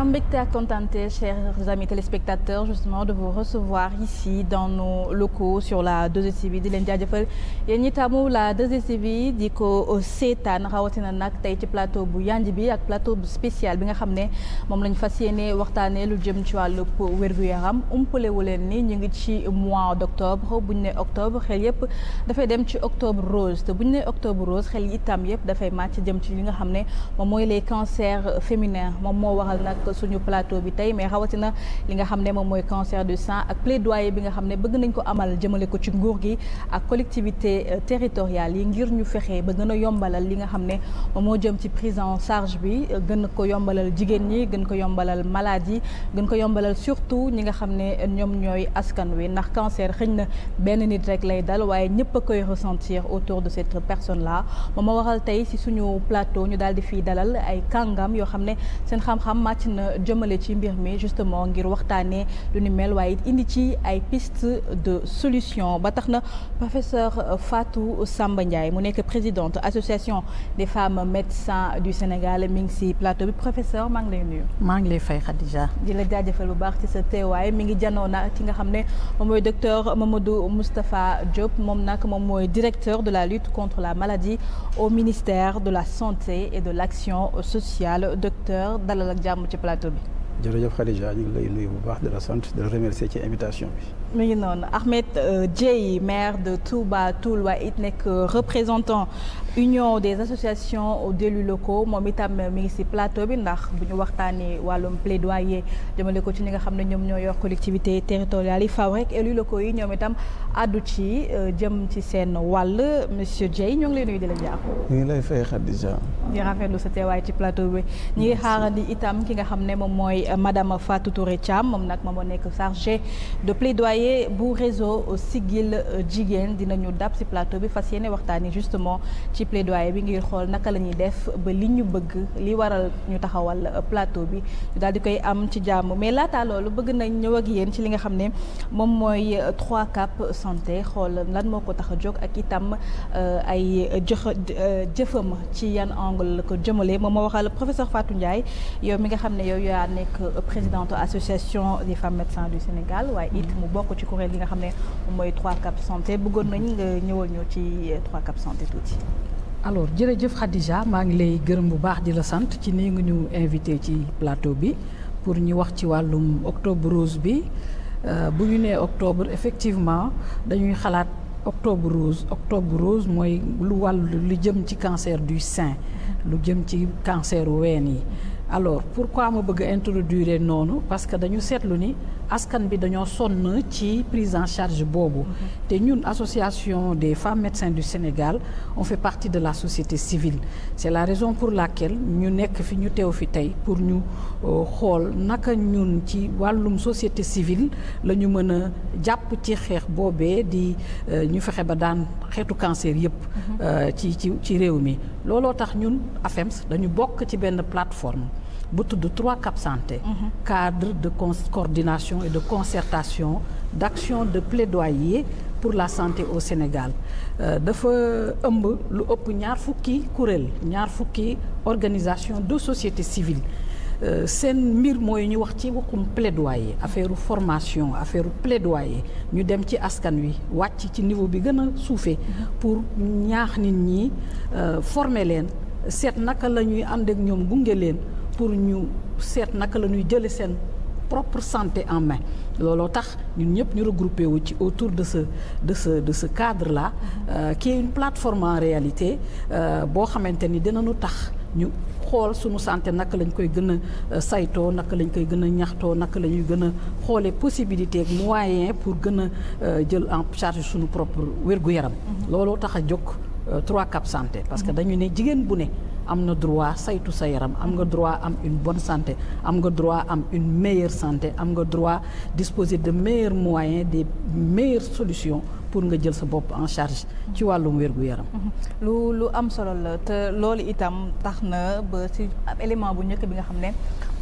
ñoom mbégte ak kontaante chers amis téléspectateurs justement de vous recevoir ici dans nos locaux sur la 2STV di leen jaajëfal yéen ñi taamu la 2STV di ko seetaan rawatina nag tey ci plateau bu yanj bi ak plateau bu spécial bi nga xam ne moom lañ fas yéene waxtaanee lu jëm ci wàllu wér-gu-yaram umpalewu leen ni ñu ngi ci mois d' octobre buñ ne octobre xel yëpp dafay dem ci octobre rose te buñ ne octobre rose xel yi itam yëpp dafay màcc jëm ci li nga xam ne moom les cancers féminins moom moo waral nag suñu plateau bi tey mais rawatina li nga xam ne moom mooy cancer du sang ak plaidoyer bi nga xam ne bëgg nañ ko amal jëmale ko ci nguur gi ak collectivité euh, territoriale yi ngir ñu fexe ba gën a yombalal li nga xam ne moo jëm ci prise en charge bi euh, gën ko yombalal jigéen ñi gën ko yombalal malade yi gën ko yombalal surtout ñi nga xam ne ñoom ñooy askan wi ndax cancer xëñ na benn nit rek lay dal waaye ñëpp a koy ressentir autour de cette personne là moom a ñu daal di fiy dalal ay a jëmale ci mbir mi justement ngir waxtaanee lu ni mel waaye indi ci ay piste de solution ba tax na professeur faatu Samba Ndiaye mu nekk présidente association des femmes médecins du Sénégal mi ngi si plateau bi professeur maa ngi lay nuyu. maa ngi lay fay Khadija. di la jaajëfal bu baax ci sa teewaay mi ngi janoo na ki nga xam ne mooy docteur Mamadou Moustapha Diop moom nag moom mooy directeur de la lutte contre la maladie au ministère de la santé et de l'action sociale plateau bi. jërëjëf Khadija ñu ngi lay nuyu bu baax di la sant di la remercier ci invitation bi. mu ngi noonu Ahmed euh, Dieye maire de Touba Toul waaye it nekk euh, représentant. union des associations d'élus locaux moom itam mi ngi ci plateau bi ndax bu ñu waxtaanee wàllum plaidoyer jëmale ko ci ñi nga xam ne ñoom ñoo yor collectivité territoriale yi faaw rek élus yi ñoom itam àddu ci euh, jëm ci seen wàll monsieur Dieye ñoo ngi leen nuyu di la jaar. ñu ngi lay fay ci plateau bi ñu ngi itam ki nga xam ne moom mooy euh, madame Fatou Touré Thiam moom nag moom moo nekk chargé de plaidoyer bu réseau Siggil Jigéen dinañu dab ci plateau bi fas yéene waxtaanee justement. ci plaidoyer bi ngir xool naka la ñuy def ba li ñu bëgg li waral ñu taxawal euh, plateau bi ñu daal di koy am ci jàmm mais laataa loolu bëgg nañ ñëw ak yéen ci li nga xam ne moom mooy euh, trois cap santé xool lan moo ko tax a jóg ak itam euh, ay jox ma ci yan angle la ko jëmale moom moo waxal professeur Fatou Ndiaye yow mi nga xam ne yow yaa nekk présidente association des femmes médecins du Sénégal waaye it mm-hmm. mu bokk ci kuréel li nga xam ne mooy trois cap santé bëggoon nañ nga ñëwal ñu ci trois cap santé tuuti alors jërëjëf Khadija maa ngi lay gërëm bu baax di la sant ci nii nga ñu invité ci plateau bi pour ñu wax ci wàllum octobre rose bi euh, bu ñu nee octobre effectivement dañuy xalaat octobre rose octobre rose mooy lu wàllu lu jëm ci cancer du sein lu jëm ci cancer ween yi alors pourquoi ma bëgg a introduire noonu parce que dañu seetlu ni askan bi dañoo sonn ci prise en charge boobu te ñun association des femmes médecins du Sénégal on fait partie de la société civile c'est la raison pour laquelle ñu nekk fi ñu teew fi tey pour ñu euh, xool naka ñun ci wàllum société civile la ñu mën a jàpp ci xeex boobee di euh, ñu fexe ba daan xeetu cancer yëpp mhm. euh, ci ci ci réew mi looloo tax ñun AFEMS dañu bokk ci benn plateforme bu tudd trois cap santé mhm. cadre de coordination et de concertation d'action de plaidoyer pour la santé au Sénégal euh, dafa ëmb lu ëpp ñaar fukki kuréel ñaar fukki organisation de société civile euh, seen mbir mooy ñu wax ci waxum plaidoyer affaire formation affaire yi ñu dem ci askan wi wàcc ci niveau bi gën a suufee mhm. pour ñaax nit ñi euh, former leen seet naka la ñuy ànd ñoom gunge leen pour ñu seet naka la ñuy jëlee seen propre santé en main looloo tax ñu ñëpp ñu regrouper wu ci autour de ce de ce de ce cadre la euh, qui est une plateforme en réalité euh, boo xamante ni dinañu tax ñu xool sunu santé naka lañ koy gën a euh, saytoo naka lañ koy gën a ñaxtoo naka la ñuy gën a xoolee possibilité ak moyen pour gën a euh, jël en charge suñu propre wér yaram mm-hmm. looloo tax a jóg 3 cap santé parce que mm-hmm. dañu ne jigéen bu ne am na droit saytu sa yaram am nga droit am une bonne santé am nga droit am une meilleure santé am nga droit disposer de meilleurs moyens des meilleures solution pour nga jël sa bopp en charge ci wàllum wér-gu-yaram mhm. lu lu am solo la te loolu itam tax na ba si élément bu njëkk bi nga xam ne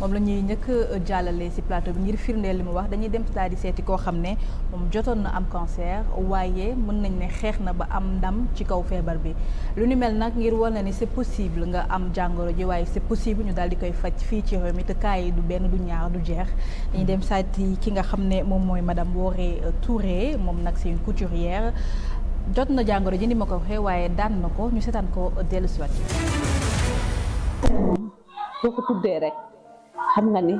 moom la ñuy njëkk euh, jàllale ci plateau bi ngir firndeel li mu wax dañuy dem daal seeti koo xam ne moom jotoon na am cancer waaye mën nañ ne xeex na ba am ndam ci kaw feebar bi lu nu mel nag ngir war ne ni c'est possible nga am jàngoro ji waaye c'est possible ñu daal di koy faj fii ci réew mi te cas du benn du ñaar du jeex dañuy dem seeti ki nga xam ne moom mooy madame Woré Touré moom nag c'est une couturière jot na jàngoro ji ni ma ko waxee waaye daan na ko ñu seetaan ko dellusiwaat. boo ko tuddee rek. xam nga ni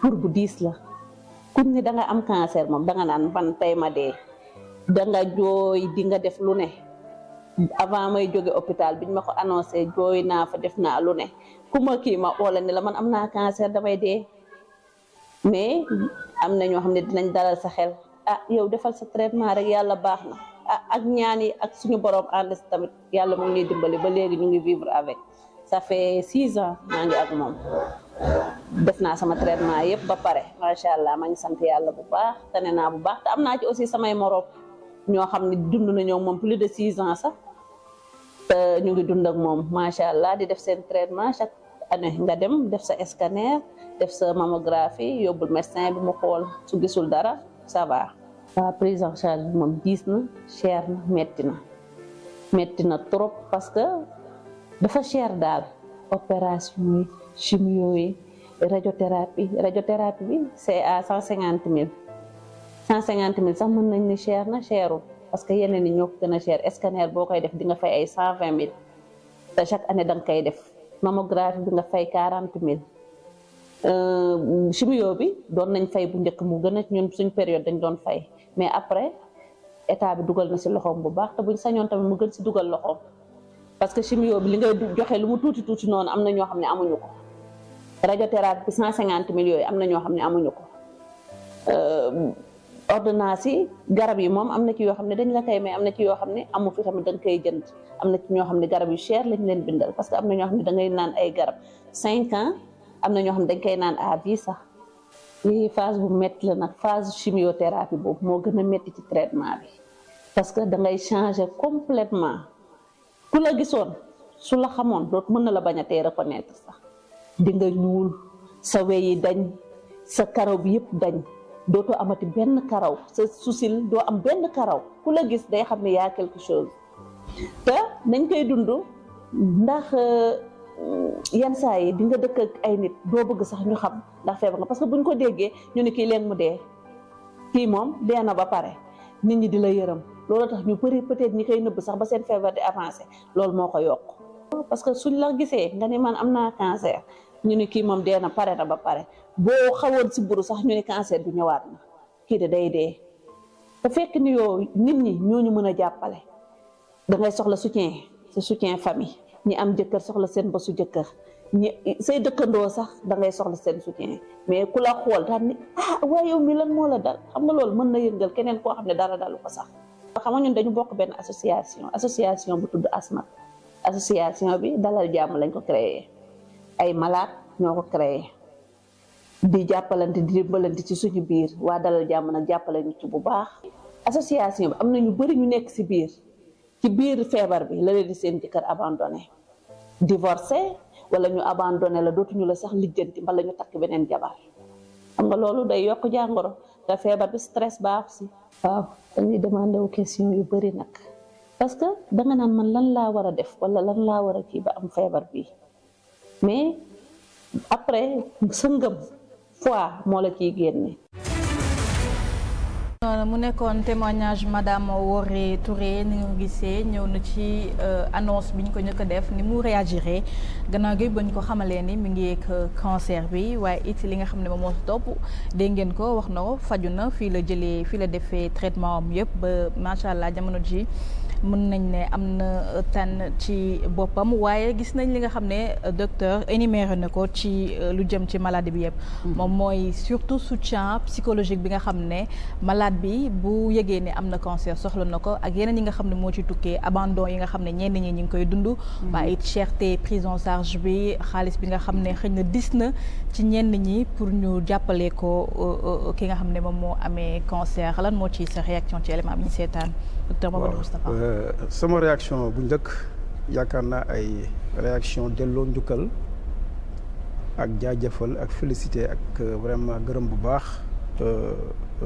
pour bu diis la kuñ ne da am cancer moom da nga naan man tey ma dee da nga jooy di nga def lu ne avant may jóge hôpital biñ ma ko annoncé jooy naa fa def naa lu ne ku ma kii ma oola ne la man am naa cancer damay dee mais am na ñoo xam ne dinañ dalal sa xel ah yow defal sa traitement rek yàlla baax na ah ak ak suñu borom ànd tamit yàlla mu ngi dimbali ba léegi ñu ngi vivre avec ça six ans maa ak moom def naa sama traitement yëpp ba pare macha allah ma sant yàlla bu baax tane naa bu baax te am naa ci aussi samay morom ñoo xam ne dund nañoo moom plus de six ans sax te ñu ngi dund ak moom macha allah di def seen traitement chaque année nga dem def sa scanner def sa mammographie yóbbul médecin bi mu xool su gisul dara ça va. waa prise charge bi moom diis na cher na metti na metti na trop parce que dafa cher daal opération chimio yi radiothérapie radiothérapie bi c'est à cent cinquante mille cent cinquante mille sax mën nañ ni cher na cherul parce que yeneen yi ñoo ko gën a cher scanner boo koy def di nga fay ay cent vingt mille te année da koy def mammographie bi nga fay quarante mille euh, chimio bi doon nañ fay bu njëkk mu gën a ñun suñ période dañ doon fay mais après état bi dugal na si loxoom bu baax te buñ sañoon tamit mu gën si dugal loxoom parce que chimio bi li ngay joxe lu mu tuuti tuuti noonu am na ñoo xam ne amuñu ko radiothérapie bi cent cinquante mille yooyu am na ñoo xam ne amuñu ko euh, ordonnance yi garab yi moom am na ci yoo xam ne dañ la koy may am na ci yoo xam ne amu fi tamit dañ koy jënd am na ci ñoo xam ne garab yu cher lañ leen bindal parce que am na ñoo xam ne da ngay naan ay garab cinq ans am na ñoo xam ne dañ koy naan à vie sax lii phase bu métti la nag phase chimiothérapie boobu moo gën a métti ci traitement bi parce que da ngay changer complètement ku la gisoon su la xamoon loolu mën na la bañ a tee reconnaître sax di nga ñuul sa weyi dañ sa karaw bi yëpp dañ dootoo amati benn karaw sa susil doo am benn karaw ku la gis day xam ni yaa quelque chose te nañ koy dund ndax euh, yenn saa yi di nga dëkk ay nit doo bëgg sax ñu xam ndax feebar nga parce que buñ ko déggee ñu ne kii leen mu dee kii moom dee na ba pare nit ñi di la yërëm loolu tax ñu bëri peut-être ñi koy nëbb sax ba seen feebar di avancé lool moo ko yokk parce que suñ la gisee nga ne man am naa cancer ñu ni kii moom dee na pare na ba pare boo xawoon si buru sax ñu ni cancer bi ñëwaat na kii de day dee te fekk ni yow nit ñi ñoo ñu mën a jàppale da soxla soutien sa soutien famille ñi am jëkkër soxla seen ba jëkkër ñi say dëkkandoo sax da ngay soxla seen soutien mais ku la xool daal ni ah waaye yow mi lan moo la dal xam nga loolu mën na yëngal keneen koo xam ne dara dalu ko sax xam nga ñun dañu bokk benn association association bu tudd ASMAT association bi dala jàmm lañ ko créer ay malaat ñoo ko créé di jàppalante di dimbalante ci suñu biir waa dalal jàmm nag jàppale ñu ci bu baax. association bi am na ñu bari ñu nekk si biir ci biir feebar bi la leen di seen jëkkër abandonné divorcé wala ñu abandonné la dootuñu la sax lijjanti mbala ñu takk beneen jabar xam nga loolu day yokk jàngoro te feebar bi stress baax si. waaw dañuy demandé wu question yu bari nag parce que danga naan man lan laa war a def wala lan laa war a kii ba am feebar bi mais après sa ngëm foi moo la ciy génne. mu nekkoon témoignage madame Woré Touré ni nga gisee ñëw na ci euh, annonce bi ñu ko njëkk a def ni mu réagiré gannaaw gi ba ñu ko xamalee ni mi ngi yegg euh, cancer bi waaye it li nga xam ne moom moo si topp dégg ngeen ko wax na faju na fii la jëlee fii la defee traitement am yëpp ba macha allah jamono ji mën nañ ne am na euh, tànn ci boppam waaye gis nañ li nga xam ne euh, docteur énuméré na ko ci euh, lu jëm ci maladie bi yëpp mm. moom mooy surtout soutien psychologique bi nga xam ne malade bi bu yëgee ne am na cancer soxla na ko ak yeneen yi nga xam ne moo ci tukkee abandon yi nga xam ne ñenn ñi ñu ngi koy dund maa mm. it cherté prise en charge bi xaalis bi nga xam ne xëy na dis na ci ñenn ñi pour ñu jàppale ko ki nga xam ne moom moo amee cancer lan moo ci sa réaction ñu seetaan docteur Mamadou Moustapha euh, réaction bu njëkk yaakaar naa ay réaction delloo njukkal ak jaajëfal ak félicité ak euh, vraiment gërëm bu baax euh,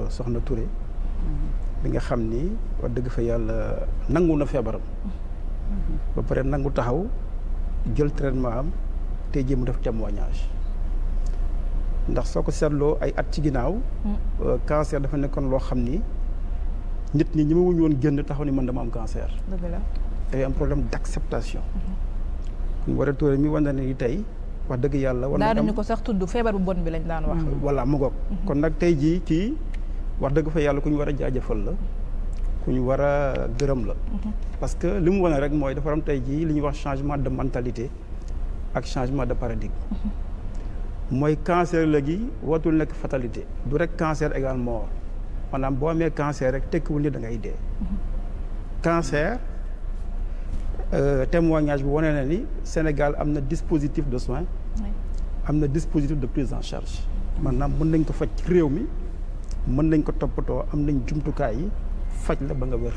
soxna Touré bi mm-hmm. nga xam ni wax dëgg fa yàlla nangu na feebaram mm-hmm. ba pare nangu taxaw jël traitement am tey jii mu def témoignage ndax soo ko seetloo ay at ci ginnaaw mm. cancer dafa nekkoon loo xam ni nit ñi ñu ma wuñu woon génn taxaw ni man dama am cancer. dëgg la day am problème d' acceptation. Mhm. kon war a tóore mi wane ne tey wax dëgg yàlla. war nañu daanuñu ko sax tudd feebar bu bon bi lañ daan wax. voilà mu ngoog mhm. kon nag tey jii kii wax dëgg fa yàlla ku ñu war a jaajëfal la. ku ñu war a gërëm la. Mhm. parce que li mu wane rek mooy dafa am tey jii li ñuy wax changement de mentalité ak changement de paradigme. mooy cancer léegi watul nekk fatalité. du rek cancer également maanaam boo amee cancer rek tekkiwul ni da ngay dee. cancer euh, témoignage bi wane na ni Sénégal am na dispositif de soins. am na dispositif de prise en charge. maanaam mën nañ ko faj ci réew mi mën nañ ko toppatoo am nañ jumtukaay yi faj la ba nga wér.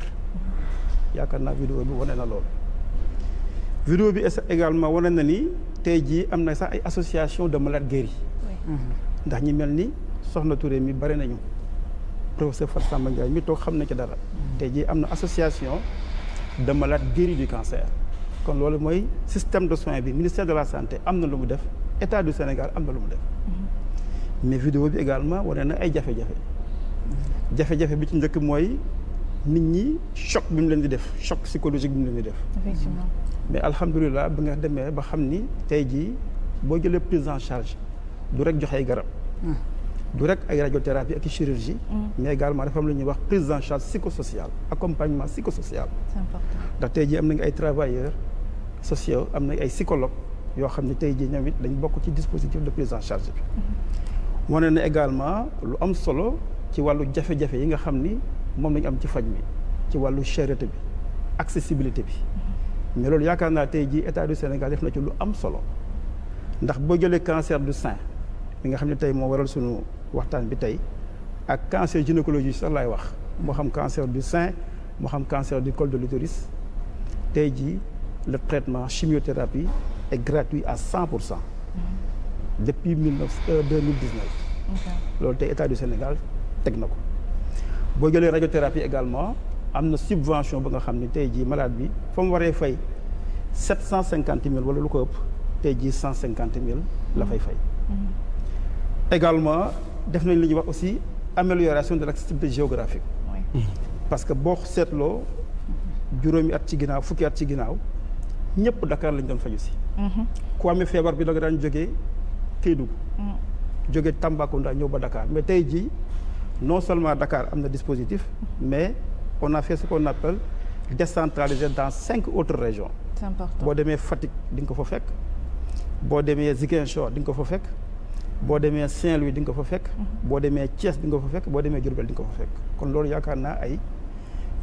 yaakaar naa vidéo bi wane na loolu. vidéo bi également wane na ni tey jii am na sax ay association de malades guéris. ndax ñi mel ni soxna Touré mi bari nañu. professeur Fatou Samba Ndiaye mi toog xam na ca dara. tey jii am na association de malades guéris du cancer. kon loolu mooy système de soin bi ministère de la santé am na lu mu def état du Sénégal am na lu mu def. Mhm. mais vidéo bi également wane na ay jafe-jafe. jafe-jafe bi ci njëkk mooy nit ñi choc bi mu leen di def choc psychologique bi mu leen di def. mais alhamdulilah ba nga demee ba xam ni tey jii boo jëlee prise en charge du rek joxe garab. Hmm. du rek ay radiothérapie ak i chirurgie. Mm. mais également dafa am ñuy wax prise en charge psychosociale accompagnement psychosocial. c'est important ndax tey jii am nañu ay travailleurs sociaux am nañu ay psychologues yoo xam ne tey jii ñoom it dañ bokk ci dispositif de prise en charge bi. Mm-hmm. wane na également lu am solo ci wàllu jafe-jafe yi nga xam ni moom lañu am ci faj mi ci wàllu cherté bi accessibilité bi. Mm-hmm. mais loolu yaakaar naa tey jii état du Sénégal def na ci lu am solo ndax boo jëlee cancer du sein bi nga xam ne tey moo waral sunu. waxtaan bi tey ak cancer gynécologie sax laay wax moo xam cancer du sein moo xam cancer du col de l'utérus tey jii le traitement chimiothérapie est gratuit à cent pour cent depuis mille neuf euh, loolu tey état du Sénégal teg na ko boo jëlee radiothérapie également am na subvention ba nga xam ne tey jii malade bi fa mu waree fay sept cent cinquante mille wala lu ko ëpp tey jii cent cinquante mille la fay fay mm-hmm. également def nañ li ñuy wax aussi amélioration de l'accessibilité géographique. parce que boo seetloo juróomi at ci ginnaaw fukki at ci ginnaaw ñëpp Dakar lañ doon faju si. Mhm. ku amee feebar bi da nga daan jógee Kédougou. Mm. jógee Tambacounda ñëw ba Dakar mais tey jii non seulement Dakar am na dispositif mais on a fait ce qu'on appelle décentraliser dans cinq autres régions. c'est important boo demee Fatick di ko fa fekk. boo demee Ziguinchor di ko fa fekk. boo demee Saint-Louis di nga ko fa fekk. Mhm. boo demee cees di nga ko fa fekk boo demee Diourbel di nga ko fa fekk kon loolu yaakaar naa ay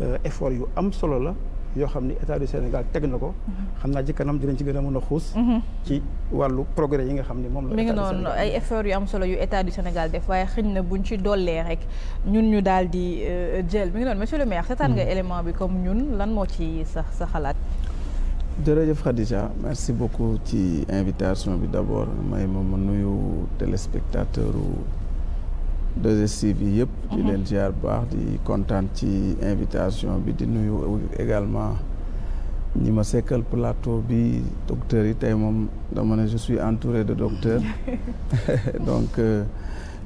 euh, effort yu am solo la yoo xam ni état du Sénégal teg na ko. Mhm. xam naa ci kanam dinañ ci gën a mën a xuus. Mhm. ci wàllu progrès yi nga xam ni moom la. mi ngi noonu ay effort yu am solo yu état du Sénégal def waaye xëñ na bu buñ ci dollee rek ñun ñu daal di euh, jël mi ngi noonu monsieur le maire. seetaan nga élément bi comme ñun lan moo ci sa sa xalaat. jërëjëf Khadija merci beaucoup ci invitation bi d'abord may ma ma nuyu téléspectateur u 2STV yi yëpp di mhm. leen ziar bu baax di kontaan ci invitation bi di nuyu également ñi ma sekkal plateau bi docteurs yi tey moom dama ne je suis entouré de docteurs donc euh,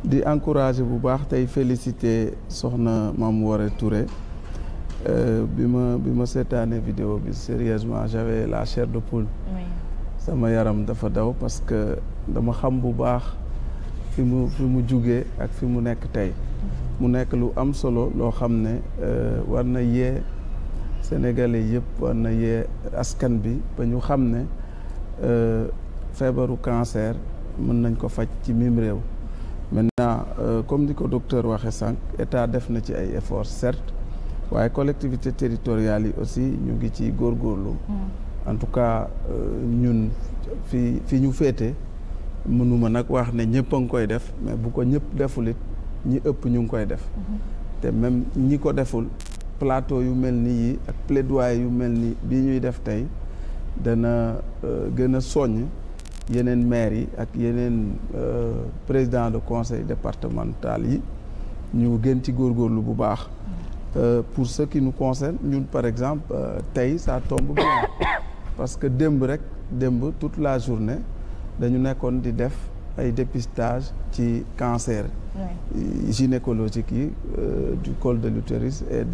di encourager bu baax tey féliciter soxna mu Waré Touré Euh, bi ma bi ma seetaanee vidéo bi sérieusement j'avais la chair de poule sama yaram dafa daw parce que dama xam bu baax fi mu fi mu jugee ak fi mu nekk tey mu nekk lu am solo loo xam ne euh, war na yee sénégalais yëpp war na yee askan bi ba ñu xam ne euh, feebaru cancer mën nañ ko faj ci mim réew maintenant comme ni ko docteur waxe sànq état def na ci ay efforts certes waaye collectivité territoriale yi aussi ñu ngi ci góorgóorlu hmm. en tout cas euh, ñun fi fi ñu féete mënuma nag wax ne ñëpp a ngi koy def mais bu ko ñëpp defulit ñi ëpp ñu ngi koy def hmm. te même ñi ko deful plateau yu mel ni yi ak plaidoyer yu mel ni bi ñuy def tey dana euh, gën a soññ yeneen maires yi ak yeneen euh, président de conseil départemental yi ñu gën ci góor góorlu bu baax Euh, pour ce qui nous concerne ñun par exemple euh, tey ça tombe bien parce que démb rek démb toute la journée dañu nekkoon di def ay dépistage ci cancer ouais. gynécologique yi euh, du col de l'utérus et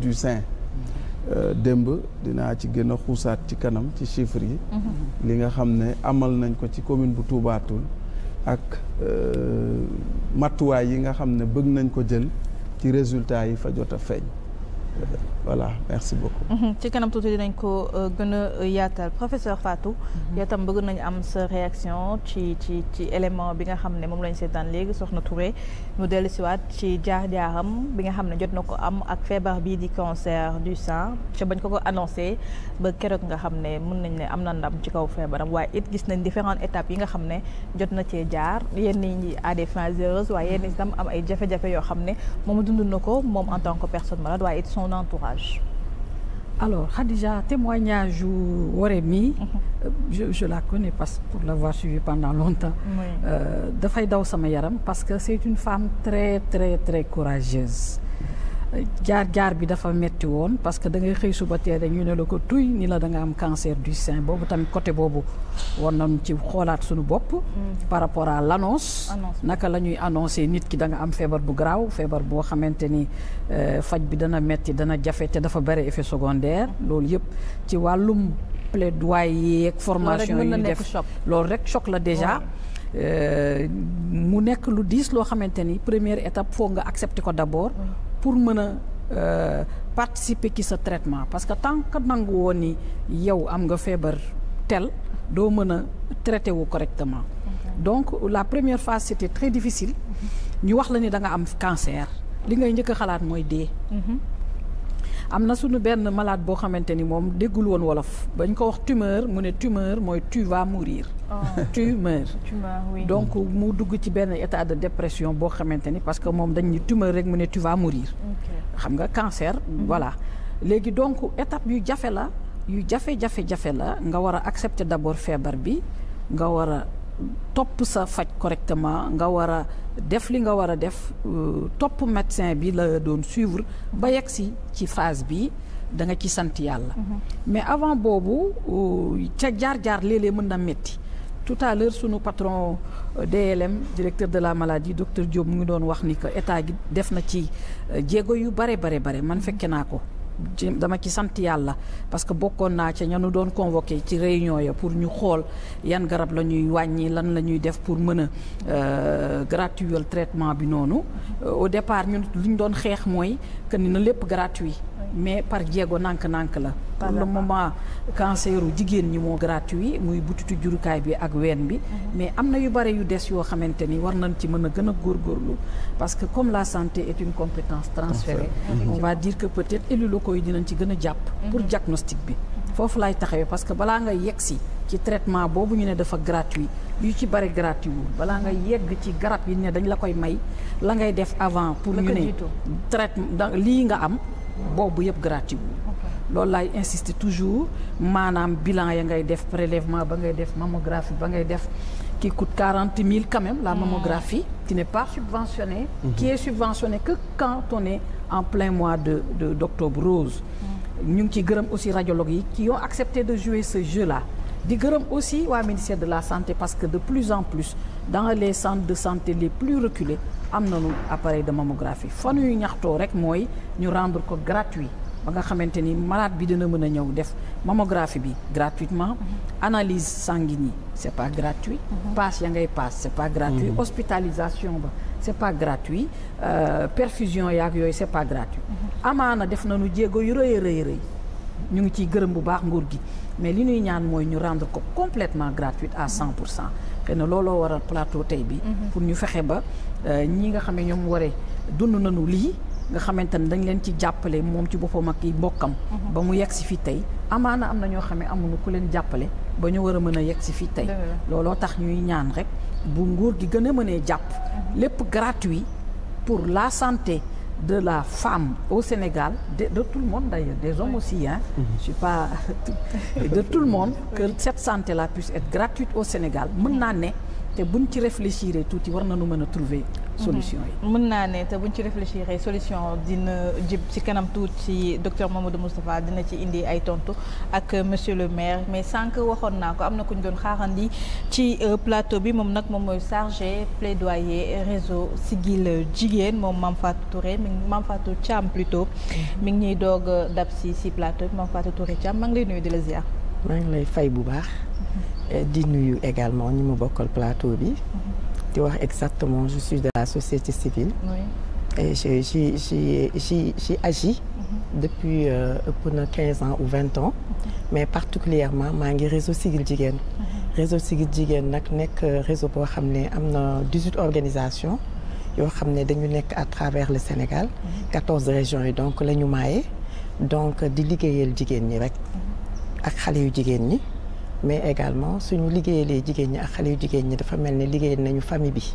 du sein mm-hmm. euh, démb dinaa ci gën a xuusaat ci kanam ci chiffres yi mm-hmm. li nga xam ne amal nañ ko ci commune bu Touba ak euh, matuwaay yi nga xam ne bëgg nañ ko jël ci résultat yi fa jot a feeñ voilà merci beaucoup. Mhm. ci kanam tuuti nañ ko euh, gën a yaatal professeur Fatou. Mhm. yow tam bëgg nañ am sa réaction ci ci ci élément bi nga xam ne moom lañ seetaan léegi soxna Touré mu dellusiwaat ci jaar-jaaram bi nga xam ne jot na ko am ak feebar bii di cancer du sein ca bañ ko ko annoncé ba keroog nga xam ne mun nañ ne am na ndam ci kaw feebaram waaye it gis nañ différentes étape yi nga xam ne jot na cee jaar yenn ñi à des fins heureuses waaye yenn itam am ay jafe-jafe yoo xam ne moom dundu na ko moom en tant que personne malade waaye it ton entourage alors Khadija témoignage yu Woré mi mhm. je je la connais parce pour l'avoir suivie pendant longtemps euh, dafay daw sama yaram parce que c'est une femme très très très courageuse jaar-jaar bi dafa metti woon parce que da ngay xëy suba teel ñu ne la ko tuy ni la da nga am cancer du sein boobu tamit côté boobu war nañu ci xoolaat suñu bopp. Mm. par rapport à l' annonce. naka lañuy ñuy nit ki da nga am feebar bu garaaw feebar boo xamante ni euh, faj bi dana metti dana jafe te dafa bëri effet secondaire. Mm. loolu yëpp ci wàllum plaidoyer yeeg formation yi ñu def loolu rek choc la déjà. Euh, mu nekk lu diis loo xamante ni première étape foog nga accepté ko d' abord. pour mën a euh, participer ki sa traitement parce que tant nangu woon ni yow am nga feebar tel doo mën a traité wu correctement donc la première phase c'était très difficile mhm. ñu wax la ni da nga am cancer li ngay njëkk a xalaat mooy dee mhm. am na suñu benn malade boo xamante ni moom déggul woon wolof bañ ko wax tumeur mu ne tumeur mooy tu vas mourir oh. tumeur donc mu dugg ci benn état de dépression boo xamante ni parce que moom dañ ni tumeur rek mu ne tu vas xam nga cancer mhm. voilà léegi donc étape yu jafe la yu jafe-jafe-jafe la nga war a accepter d'abord feebar bi nga war a topp sa faj correctement nga war a def li nga war a def euh, topp médecin bi la doon suivre ba yegg si ci phase bi da nga ci sant yàlla. Mhm. mais avant boobu euh, ca jaar-jaar léeg-léeg mën na métti. tout à l'heure sunu patron euh, DLM directeur de la maladie docteur Diop mu ngi doon wax ni que état gi def na ci jéego yu bare bare bare man fekke naa ko. dama ci sant yàlla parce que bokkoon naa ca nu doon convoqué ci réunion ya pour ñu xool yan garab la ñuy wàññi lan la ñuy def pour mën a euh, gratuital traitement bi noonu euh, au départ ñun li ñu doon xeex mooy que na lépp gratuit mais par jéego nànk-nànk la pour le moment jigéen ñi moo gratuit muy butitu jurukaay bi ak ween bi mhm. mais am na yu bare yu des yoo xamante ni war nañ ci mën a gën a góor góorlu parce que comme la santé est une compétence transférée on va dire que peut-être élus locaux yi dinañ ci gën a jàpp pour mhm. diagnostic bi mhm. foofu laay taxawee parce que balaa nga yegg si ci traitement boobu ñu ne dafa gratuit yu ci bare gratuit wul balaa nga yegg ci garab yi ne dañ la koy may la ngay def avant pour ñu ne traitement lii nga am boobu yëpp gratuit wul loolu laay insister toujours maanaam bilan ya ngay def prélèvement ba ngay def mammographie ba ngay def qui coûte quarante mille quand la hmm. mammographie qui ne pas subventionnée mm -hmm. qui est subventionnée que quand on en plein mois de de d'octobre rose hmm. ñu ngi ciy gërëm aussi radiologues yi qui ont accepté de jouer ce jeu là di gërëm aussi waa ministère de la santé parce que de plus en plus dans les centres de santé les plus reculés am nañu appareil de mammographie fa ñuy ñaxtoo rek mooy ñu rendre ko gratuit ba nga xamante ni malade bi dina mën a ñëw def mammographie bi gratuitement. Mhm. analyse sanguine yi c'est pas gratuit. Mhm. passe ya ngay passe c'est pas gratuit. Mhm. hospitalisation ba c'est pas gratuit euh, perfusion yaak yooyu c'est pas gratuit. amaana def na nañu jéego yu rëy rëy rëy ñu ngi ciy gërëm bu baax nguur gi mais li ñuy ñaan mooy ñu rendre ko complètement gratuite à 100 pour cent xëy looloo waral plateau tey bi. pour ñu fexe ba euh, ñi nga xam ne ñoom waree dund nañu lii. nga xamante ne dañ leen ci jàppale moom ci boppam ak i mbokkam. Mhm. ba mu yegg si fii tey amaana am na ñoo xam ne amuñu ku leen jàppale ba ñu war a mën a yegg si fii tey. looloo tax ñuy ñaan rek bu nguur gi gën a mënee jàpp. Mhm. lépp gratuit pour la santé. de la femme au Sénégal de, de moom le monde d'ailleurs des hommes oui. Mhm. pas de tout moom monde que cette santé là puisse être gratuite au Sénégal mën naa ne te buñ ci réfléchir tuuti war na nañu mën a trouver solution yi. mën naa ne te buñ ci réfléchir solution dina jib ci kanam tuuti ci docteur Mamadou Moustapha dina ci indi ay tontu ak monsieur le maire mais sànq waxoon naa ko am na ku ñu doon xaarandi ci euh, plateau bi moom nag moom mooy chargé plaidoyer réseau Siggil Jigéen moom Mame Fatou Touré Mame Fatou Thiam plutôt. Mm-hmm. mi ngi ñuy doog dab si si plateau bi Mame Fatou Touré Thiam maa ngi lay nuyu di la ziar. maa ngi lay fay bu Euh, di nuyu également ñi mu bokkal plateau bi di wax exactement je suis de la société civile oui. et j'ai j'ai j'ai j'ai j'ai agi mhm. depuis ëpp euh, na quinze ans ou vingt ans mais particulièrement maa ngi réseau Siggil Jigéen mhm. réseau Siggil Jigéen nag nekk euh, réseau boo xam ne am na dix-huit organisations yoo xam ne dañu nekk à travers le Sénégal mhm. quatorze régions yi donc lañu ñu donc di liggéeyal jigéen ñi rek ak xale yu jigéen ñi mais également suñu liggéeyalee jigéen ñi ak xale yu jigéen ñi dafa mel ni liggéey nañu famille bi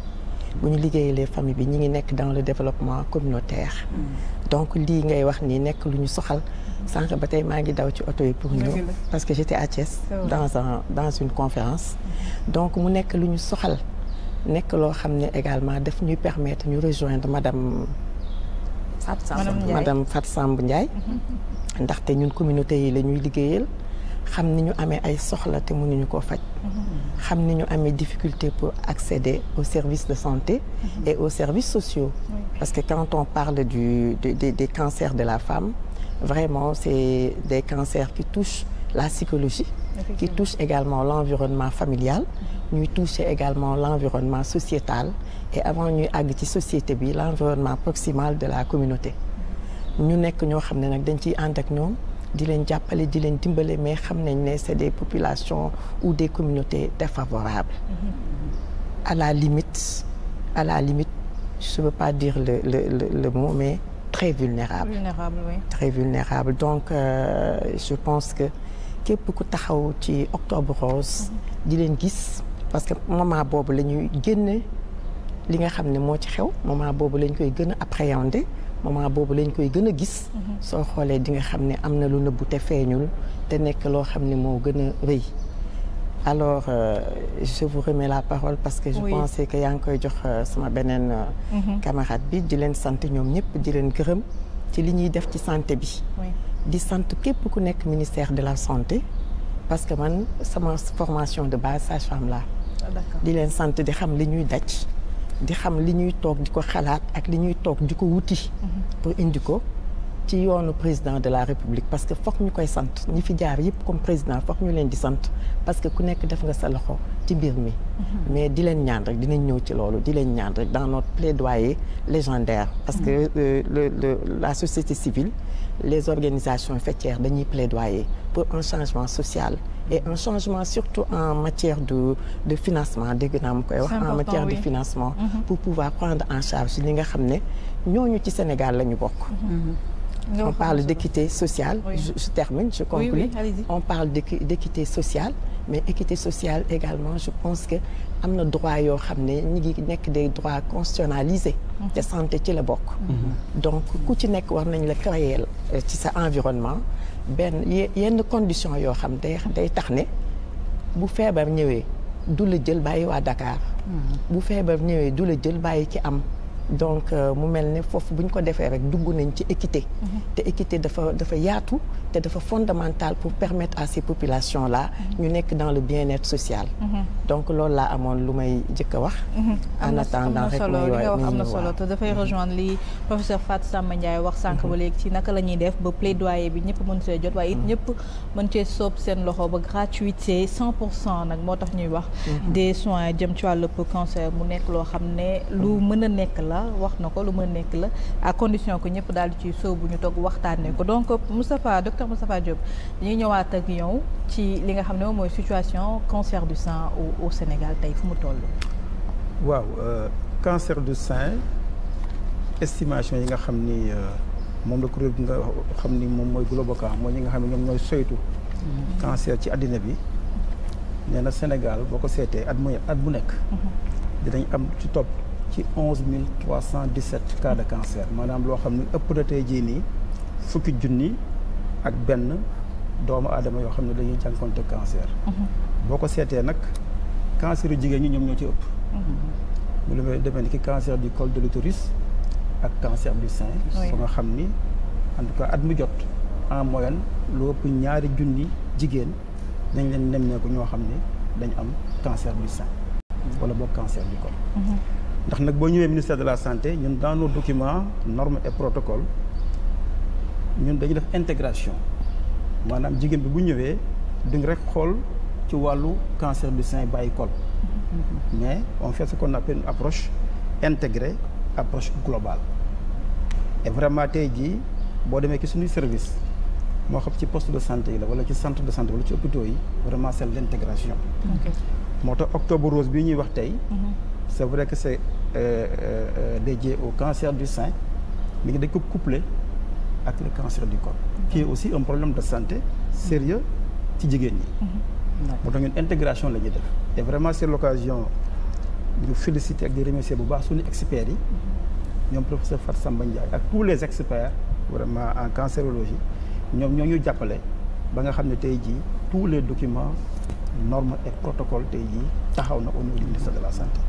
bu ñu liggéeyalee famille bi ñu ngi nekk dans le développement communautaire mm. donc lii ngay wax nii nekk lu ñu soxal sànq ba tey maa ngi daw ci oto yi pour ñëw parce que j'étais à Thiès dans un dans une conférence donc mu nekk lu ñu soxal nekk loo xam ne également daf ñuy permettre ñu rejoindre madame madame Fat Samb Ndiaye mm-hmm. ndaxte ñun communauté yi la ñuy liggéeyal xam ni ñu amee ay soxla te mënuñu ko faj xam ni ñu amee difficulté pour accéder aux services de santé mhm. et aux services sociaux parce que quand on parle du des de, des cancers de la femme vraiment c'est des cancers qui touchent la psychologie qui touchent également l'environnement familial mhm. ñuy toucher également l'environnement sociétal et avant ñuy àgg ci société bi l'environnement proximal de la communauté mhm. ñu nekk ñoo xam ne nag dañ ciy ànd ak ñoom di leen jàppale di leen dimbale mais xam nañ ne c'est des population ou des communauté défavorables mm-hmm. à la limite à la limite je pas dire le le le, le mot mais très vulnérables. très vulnérables donc euh, je pense que képp ku taxaw ci octobre rose. Mm-hmm. di leen gis parce que moment boobu la ñuy génne li nga xam ne moo ci xew moment boobu lañ koy gën a appréhender. moment boobu lañ koy gën a gis. Mhm. soo xoolee di nga xam ne am na lu nëbbu te feeñul te nekk loo xam ni moo gën a rëy. alors euh, je vous la parole parce que je que yaa ngi koy jox euh, sama beneen euh, mhm. camarade bi di leen sant ñoom ñëpp di leen gërëm ci li ñuy def ci santé bi di sant képp ku nekk ministère de la santé parce que man sama formation de base sage-femme la ah, di leen sant di xam li ñuy daj di xam li ñuy toog di ko xalaat ak li ñuy toog di ko wuti mhm. pour indi ko ci yoonu président de la république parce que foog ñu koy sant ñi fi jaar yëpp comme président foog ñu leen di sant parce que ku nekk def nga sa loxo ci mbir mi mhm. mais di leen ñaan rek dinañ ñëw ci loolu di leen ñaan rek dans notre plaidoyer légendaire parce mhm. que le, euh, le, le, la société civile les organisations faîtières dañuy plaidoyer pour un changement social et un changement surtout en matière de de financement dégg naa mu koy wax en matière oui. de financement mm-hmm. pour pouvoir prendre en charge li nga xam ne ñooñu ci Sénégal la ñu bokk mm-hmm. on parle euh, d'équité sociale oui. je, je termine je conclue oui, on parle d'équité sociale mais équité sociale également je pense que am na droit yoo xam ne ñi ngi nekk des droits constitutionnalisés te mhm. santé ci la bokk mhm. donc ku ci nekk war nañ la créer euh, ci sa environnement benn yenn condition yoo xam day day tax ne bu feebar ñëwee du la jël bàyyi waa Dakar mhm. bu feebar ñëwee du la jël bàyyi ci am donc euh, mu mel ne foofu bu ñu ko defee rek dugg nañ ci équité. Mhm. te équité dafa dafa yaatu te dafa fondamental pour permettre à ces populations là. Mhm. ñu nekk dans le bien-être social. Mhm. donc loolu laa amoon lu may jëkk a wax. en attendant rek muy wax am na solo te dafay rejoindre li professeur Fatou Samba Ndiaye wax sànq ba léegi ci naka la def ba plaidoyer bi ñëpp mën see jot waaye it ñëpp mën cee soob seen loxo ba gratuité nag moo tax ñuy wax. des soins jëm ci wàllu a la wax na ko lu ma nekk la à condition ko ñëpp daal di ciy sóobu ñu toog waxtaanee ko donc Moustapha docteur Moustapha Diop ñuy ñëwaat ak yow ci li nga xam ne mooy situation cancer du sein au au Sénégal tey fu mu waaw euh, cancer du sein estimation yi nga xam ni euh, moom la kuréel bi nga xam ni moom mooy Globocam mooy ñi nga xam ne ñoom ñooy soytu. cancer ci àddina bi. nee na Sénégal boo ko seetee at mu nekk. Mhm. dinañ am ci topp ci onze mil trois cent dix sept cas de cancer maanaam loo xam ne ëpp na tey jii nii fukki junni ak benn doomu aadama yoo xam ne dañuy jànkonte cancer. Mhm. boo ko seetee nag cancer yu jigéen ñi ñoom ñoo ci ëpp. Mhm. mu lu demee ni ki cancer du col de l'utérus ak cancer du sein. su nga xam ni en tout cas at mu jot en moyenne lu ëpp ñaari junni jigéen dañ leen nemmeeku ñoo xam ne dañ am cancer du sein. Mhm. wala boog cancer du col. ndax nag boo ñëwee ministère de la santé ñun dans nos norme normes et protocoles ñun dañu def intégration maanaam jigéen bi bu ñëwee duñ rek xool ci wàllu cancer du sein bàyyi col mais on fait ce qu'on appelle une approche intégrée approche globale et vraiment tey jii boo demee ci suñuy service moo xam ci poste de santé yi la wala ci centre de santé wala ci hôpitaux yi vraiment c'est l'intégration moo tax octobre rose bii ñuy wax tey mhm. c'est vrai que c'est euh, euh, euh, dédié au cancer du sein mais dañ ko couplé ak le cancer du col qui est aussi un problème de santé sérieux ci jigéen ñi mhm. moo tax ñun intégration la ñuy def et vraiment c'est l'occasion ñu féliciter ak di remercier bu baax suñu experts yi ñoom professeur Fat Samba Ndiaye ak tous les experts vraiment en cancérologie ñoom ñoo ñu jàppale ba nga xam ne tey jii tous les documents normes et protocoles tey jii taxaw na au niveau du ministère de la santé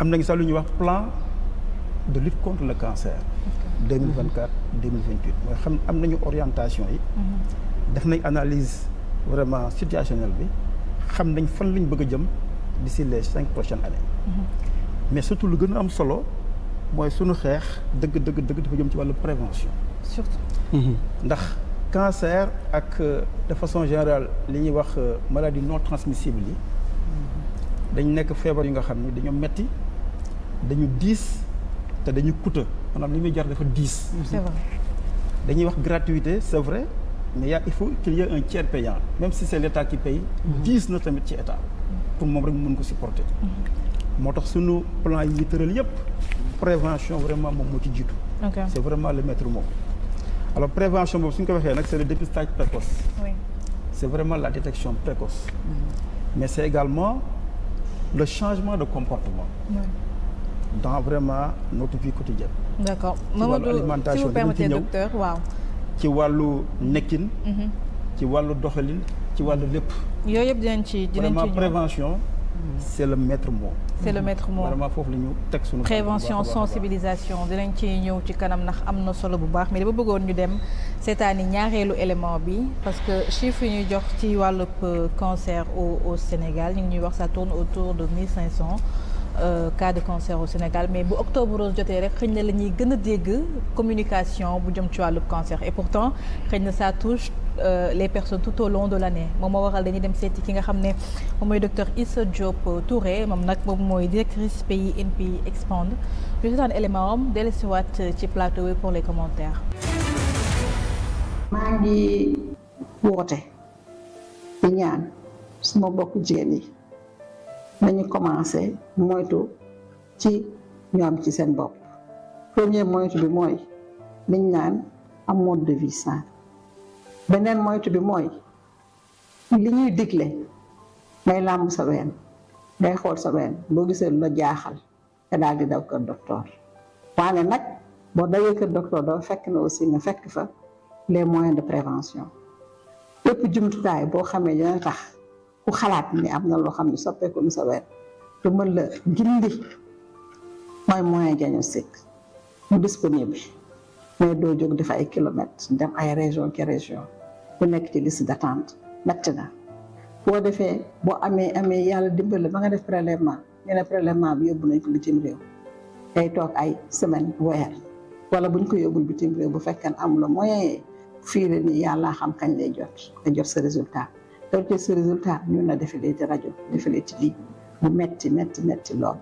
am nañu sax lu ñuy wax plan de lutte contre le cancer. deux vingt quatre deux mille vingt mooy xam am nañu orientation yi. Mhm. def nañ analyse vraiment situationnelle bi xam nañ fan lañ bëgg a jëm di si les cinq prochaines années. Mhm. mais surtout lu gën am solo mooy sunu xeex dëgg dëgg dëgg dafa jëm ci wàllu prévention. surtout. Mhm. ndax cancer ak euh, de façon générale li ñuy wax euh, maladie non transmissible yi. dañu nekk feebar yi nga xam ni dañoo metti dañu diis te dañu coûteux maanaam li muy jar dafa diis. c'est vrai dañuy wax gratuité c'est vrai mais yaa il faut qu'il y ait un tiers payant même si c'est l'État qui paye. Mm-hmm. diis na tamit ci État. pour moom rek mu mën ko supporter. Mm-hmm. moo tax sunu plan yi tëral yépp prévention vraiment moom mu ci jiitu. c'est vraiment le maître mot. alors prévention boobu su ñu ko waxee nag c'est le dépistage précoce. oui c'est vraiment la détection précoce. Mm -hmm. mais le changement de comportement. Ouais. dans vraiment notre vie quotidienne. d'accord Mamadou si vous permettez docteur waaw. ci wàllu nekkin. Mhm. ci wàllu doxalin ci wàllu lépp. yooyu yëpp dinañ ci dinañ ci vraiment prévention. c' est le maître mot. c' est le maître mot foofu la ñu teg suñu. prévention sensibilisation dinañ ci ñëw ci kanam ndax am na solo bu baax mais dama bëggoon ñu dem seetaani ñaareelu élément bi parce que chiffres yi ñuy jox ci wàllub euh, cancer au au Sénégal ñu ngi ñuy wax ça tourne autour de 1500. Euh, cas de cancer au Sénégal mais bu octobre rose jotee rek xëñ na la ñuy gën a dégg communication bu jëm ci wàllu cancer et pourtant xëy na ça touche Euh, les personne tout au long de l'année moom moo waral dañuy dem seeti ki nga xam ne moom mooy docteur Issa Diop euh, Touré moom nag moom mooy directrice pays INP Expand ñu seetaan élément am dellusiwaat ci plateau bi pour les commentaires. maa ngi woote di ñaan suma bokk jigéen yi nañu commencé moytu ci ñoom ci seen bopp premier moytu bi mooy liñ naan am mode de vie sain beneen moytu bi mooy li ñuy digle ngay làmb sa ween ngay xool sa ween boo gisee lu la jaaxal nga daal di daw kër docteur waane nag boo dawee kër docteur doo fekk na aussi nga fekk fa les moyens de prévention lépp jumtukaay boo xamee dina tax ku xalaat ni am na loo xam ne soppeeku mu sa ween lu mën la gindi mooy moyen diagnostic mu disponible mais doo jóg def ay kilomètres dem ay région ki région bu nekk ci liste d'attente métti na boo defee boo amee amee yàlla dimbali ba nga def prélèvement ñu ne prélèvement bi yóbbu nañ ko bitim réew ay semaine wala buñ ko yóbbul bitim réew bu fekkee am la moyen fiire ni yàlla xam kañ lay jot nga jot sa résultat te jot sa résultat ñu ci rajo defalee ci lii bu metti metti metti lool.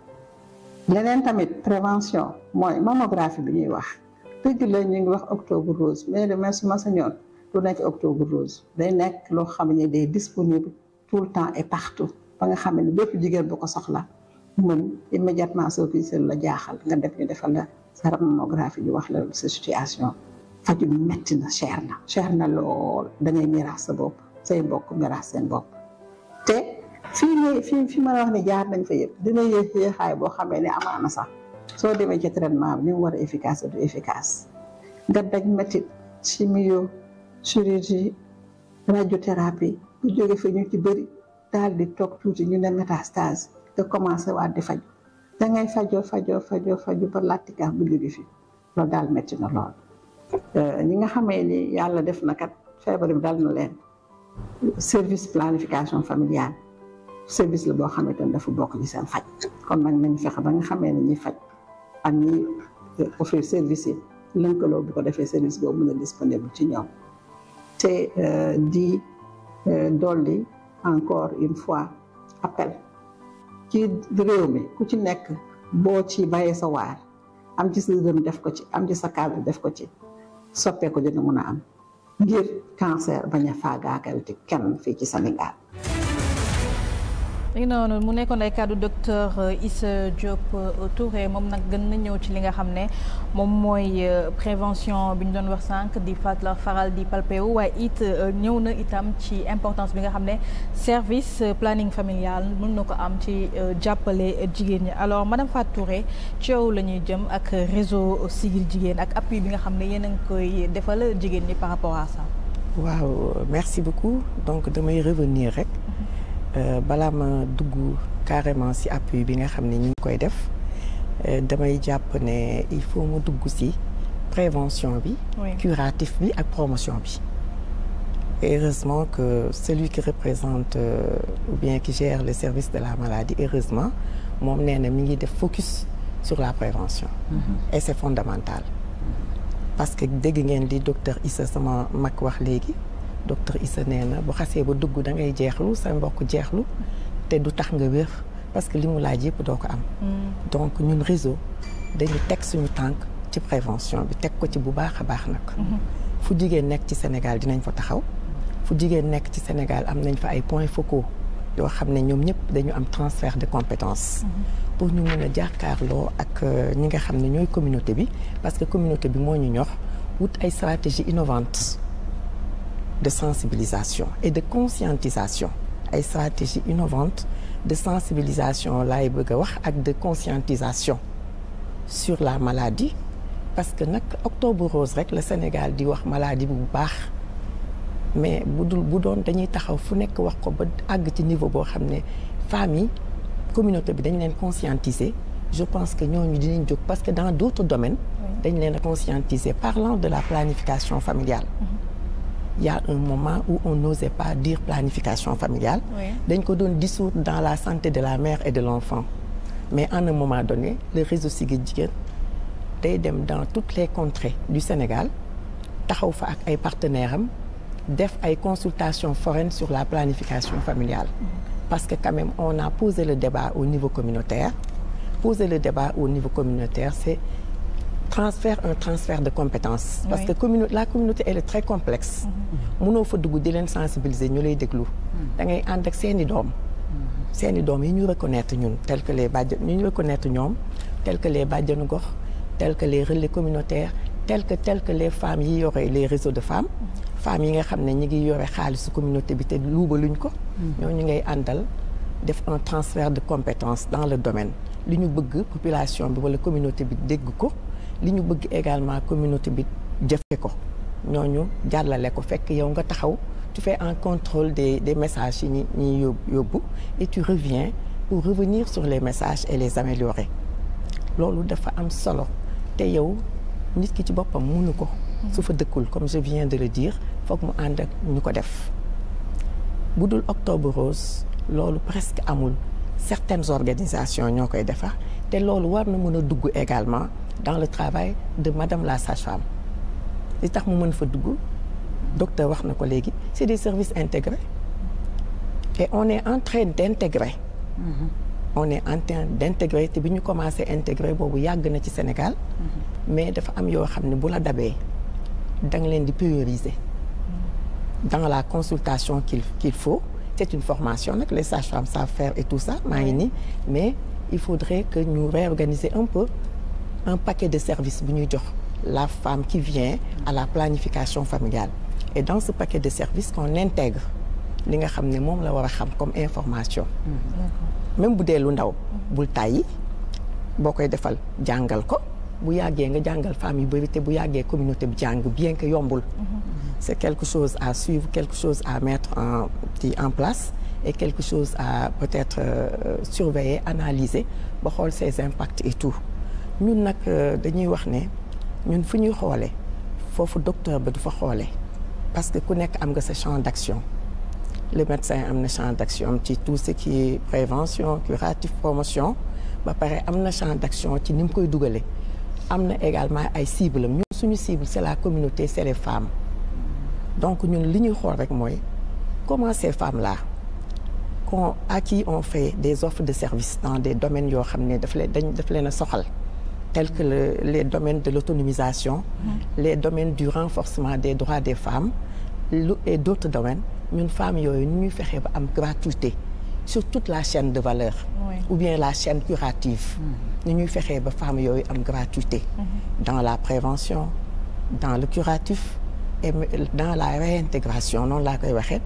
leneen tamit prévention mooy mammographie bi ñuy wax dëgg la ñu ngi wax octobre rose mais demain su ma sañoon lu nekk octobre rose day nekk loo xam ne day disponible tout le temps et partout ba nga xam ne bépp jigéen bu ko soxla mën immédiatement soo fi seen la jaaxal nga def ñu defal la sa mammographie bi wax la sa situation faju metti na cher na na lool dangay miraas sa bopp say mbokk miraas seen bopp te fii fii fi ma la wax ne jaar nañ fa yëpp dina yéex yéexaay boo xamee ne amaana sax soo demee ci traitement bi war a efficace du efficace nga daj métti chimio chirurgie radiothérapie ñu jóge fa ñu ci bëri daal di toog tuuti ñu ne métastase te commencé waat di faj da ngay fajo fajoo fajoo faju ba làttikaa bu jóge fi loolu daal métti na lool euh, ñi nga xamee ni yàlla def na kat feebar bi dal na leen service planification familial service la boo xamante ne dafa bokk ci seen faj kon nag nañ fexe ba nga xamee ne ñuy faj am ñi euh, offrir service yi lënkaloo bu ko defee service boobu mën a disponible ci ñoom te eh, di eh, dolli encore une fois appel ci réew mi ku ci nekk boo ci bàyyee sa waar am ci sa def ko ci am ci sa kàddu def ko ci soppee ko dina mun a am ngir cancer bañ a faagaagal ci kenn fii ci Sénégal léegi noonu mu nekkoon ay kàddu docteur euh, Issa Diop euh, Touré moom nag gën na ñëw ci li nga xam ne moom mooy euh, prévention bi ñu doon wax sànq di fàttali faral di palpéwu waaye it ñëw na itam ci importance bi nga xam ne service planning familial mën na ko am ci jàppale jigéen ñi alors madame Fatou Touré ci yow la ñuy jëm ak réseau Siggil Jigéen ak appui bi nga xam ne yéen a ngi koy defal jigéen ñi par rapport à ça. waaw merci beaucoup donc damay revenir rek. Euh, balaa ma dugg carrément ci appui bi nga xam ne ñu ngi koy def euh, damay jàpp ne il faut ma dugg ci prévention bi curatif bi ak promotion bi et heureusement que celui qui représente euh, ou bien qui gère le service de la maladie heureusement moom nee na mi ngi def focus sur la prévention mm-hmm. et c'est fondamental parce que dégg ngeen li docteur Issa sama mag wax léegi docteur Issa nee na bu xasee ba dugg da ngay jeexlu sa mbokk jeexlu te du tax nga wér parce que li mu laaj yëpp doo ko am. Mm. donc ñun réseau dañu teg suñu tànk ci prévention bi teg ko ci bu baax a baax nag. Mm-hmm. fu jigéen nekk ci Sénégal dinañ fa taxaw. fu jigéen nekk ci Sénégal am nañ fa ay point focaux yoo xam ne ñoom ñëpp dañu am transfer de compétence. Mm-hmm. pour ñu mën a jàkkaarloo ak euh, ñi nga xam ne ñooy communauté bi parce que communauté bi moo ñu ñor wut ay stratégie innovante de sensibilisation et de conscientisation ay stratégie innovante de sensibilisation lay bëgg a wax ak de conscientisation sur la maladie parce que nag octobre rose rek la Sénégal di wax maladie bu baax mais bu dul bu doon dañuy taxaw fu nekk wax ko ba àgg ci niveau boo xam ne famille communauté bi dañ leen conscientiser je pense que ñu dinañ jóg parce que dans d'autres domaine dañ leen a conscientiser parlant de la planification familiale mm-hmm. il un moment où on n'osait pas dire planification familiale. Oui. dañ ko doon dissoudre dans la santé de la mère et de l'enfant mais à un moment donné le réseau Siggil Jigéen day dem dans toutes les contrées du Sénégal taxaw fa ak ay partenaires am def ay consultations foraines sur la planification familiale. parce que quand même on a posé le débat au niveau communautaire. poser le débat au niveau communautaire c'est transfert un transfert de compétence parce oui. que commune la communauté elle est très complexe mm-hmm. Mm-hmm. mënoo fa dugg di leen sensibiliser ñu lay déglu mm-hmm. da ngay ànd ak seeni doom seeni doom yi ñu reconnaître ñun tel que les ñu ñu reconnaître ñoom tel que les bàjjanu gox tel que les relais communautaires tel que tel que femmes yi yore les réseau de femme femmes yi nga xam ne ñi ngi yore xaalisu communauté bi te luuba luñ ko ñoo ñu ngay àndal def un transfert de compétence dans le domaine li ñu bëgg population bi wala communauté bi dégg ko li ñu bëgg également communauté bi jëfe ko ñoo ñu jàllale ko fekk yow nga taxaw tu fais un contrôle des des messages yi ñi ñuy yóbbu et tu reviens pour revenir sur les messages et les améliorer loolu dafa am solo te yow nit ki ci boppam mënu ko su fa dëkkul comme je viens de le dire foog mu ànd ak ñu ko def bu dul octobre rose loolu presque amul certaines organisations ñoo koy defar te loolu war na mën a dugg également dans le travail de madame la sage li tax mu mën fa dugg docteur wax na ko léegi c'est des services intégré et on est en train d'intégrer mm-hmm. on est en train te bi ñu commencé intégrer boobu yàgg na ci Sénégal mm-hmm. mais dafa am yoo xam ne bu la dabee da nga leen di prioriser mm-hmm. dans la consultation qu'il qu'il faut c'est une formation nag les sages-femmes savent faire et tout ça maa ngi nii mais il faudrait que ñu réorganiser un peu un paquet de service bu ñuy jox la femme qui vient à la planification familiale et dans ce paquet de service qu'on intègre li nga xam ne moom la war a xam comme information même bu dee lu ndaw bul tàyyi boo koy defal jàngal ko bu yàggee nga jàngal femme yu bëri te bu yàggee communauté bu jàng bien que yombul mm-hmm. c'est quelque chose à suivre quelque chose à mettre en en place et quelque chose à peut-être euh, surveiller analyser ba xool ses impacts et tout ñun nag euh, dañuy wax ne ñun fu ñuy xoolee foofu docteur bi du fa xoolee parce que ku nekk am nga sa champ d'action le médecin am na champ d'action ci tout ce qui est prévention curatif promotion ba pare am na champ d'action ci ni mu koy dugalee am na également ay cibles ñun suñu cible c'est la communauté c'est les femmes donc ñun li ñuy xool rek mooy comment ces femmes là qu'on à qui on fait des offres de services dans des domaines yoo xam ne daf leen dañ daf leen a soxal tels que les domaines de l'autonomisation, mhm. les domaines du renforcement des droits des femmes et d'autres domaines ñun femmes yooyu nu ñuy fexee ba am gratuité sur toute la chaîne de valeur oui. ou bien la chaîne curative mhm. nu ñuy fexee ba femmes yooyu am gratuité mhm. dans la prévention dans le curatif dans la réintégration noonu laa koy waxee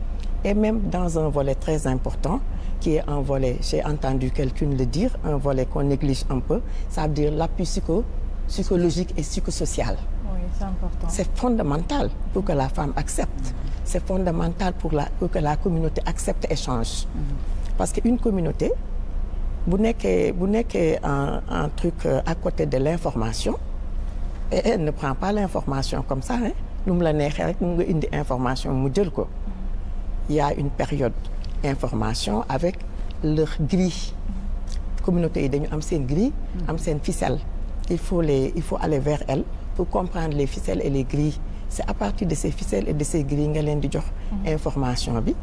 et même dans un volet très important qui est un volet, j'ai entendu quelqu'un le dire, un volet qu'on néglige un peu, ça veut dire l'appui psycho, psychologique et psychosocial. Oui, c'est important. C'est fondamental pour que la femme accepte. Mm-hmm. C'est fondamental pour, la, pour que la communauté accepte et change. Mm-hmm. Parce qu'une communauté, bu nekkee bu nekkee un un truc euh, à côté de l'information et elle ne prend pas l'information comme ça hein lu mu la neexee rek mu nga indi information mu jël ko mm-hmm. il y a une période information avec leur grille communauté yi dañu am seen grille am seen ficelle il faut les il faut aller vers elles pour comprendre les ficelles et les gris c'est à partir de ces ficelles et de ces grilles nga leen di jox information bi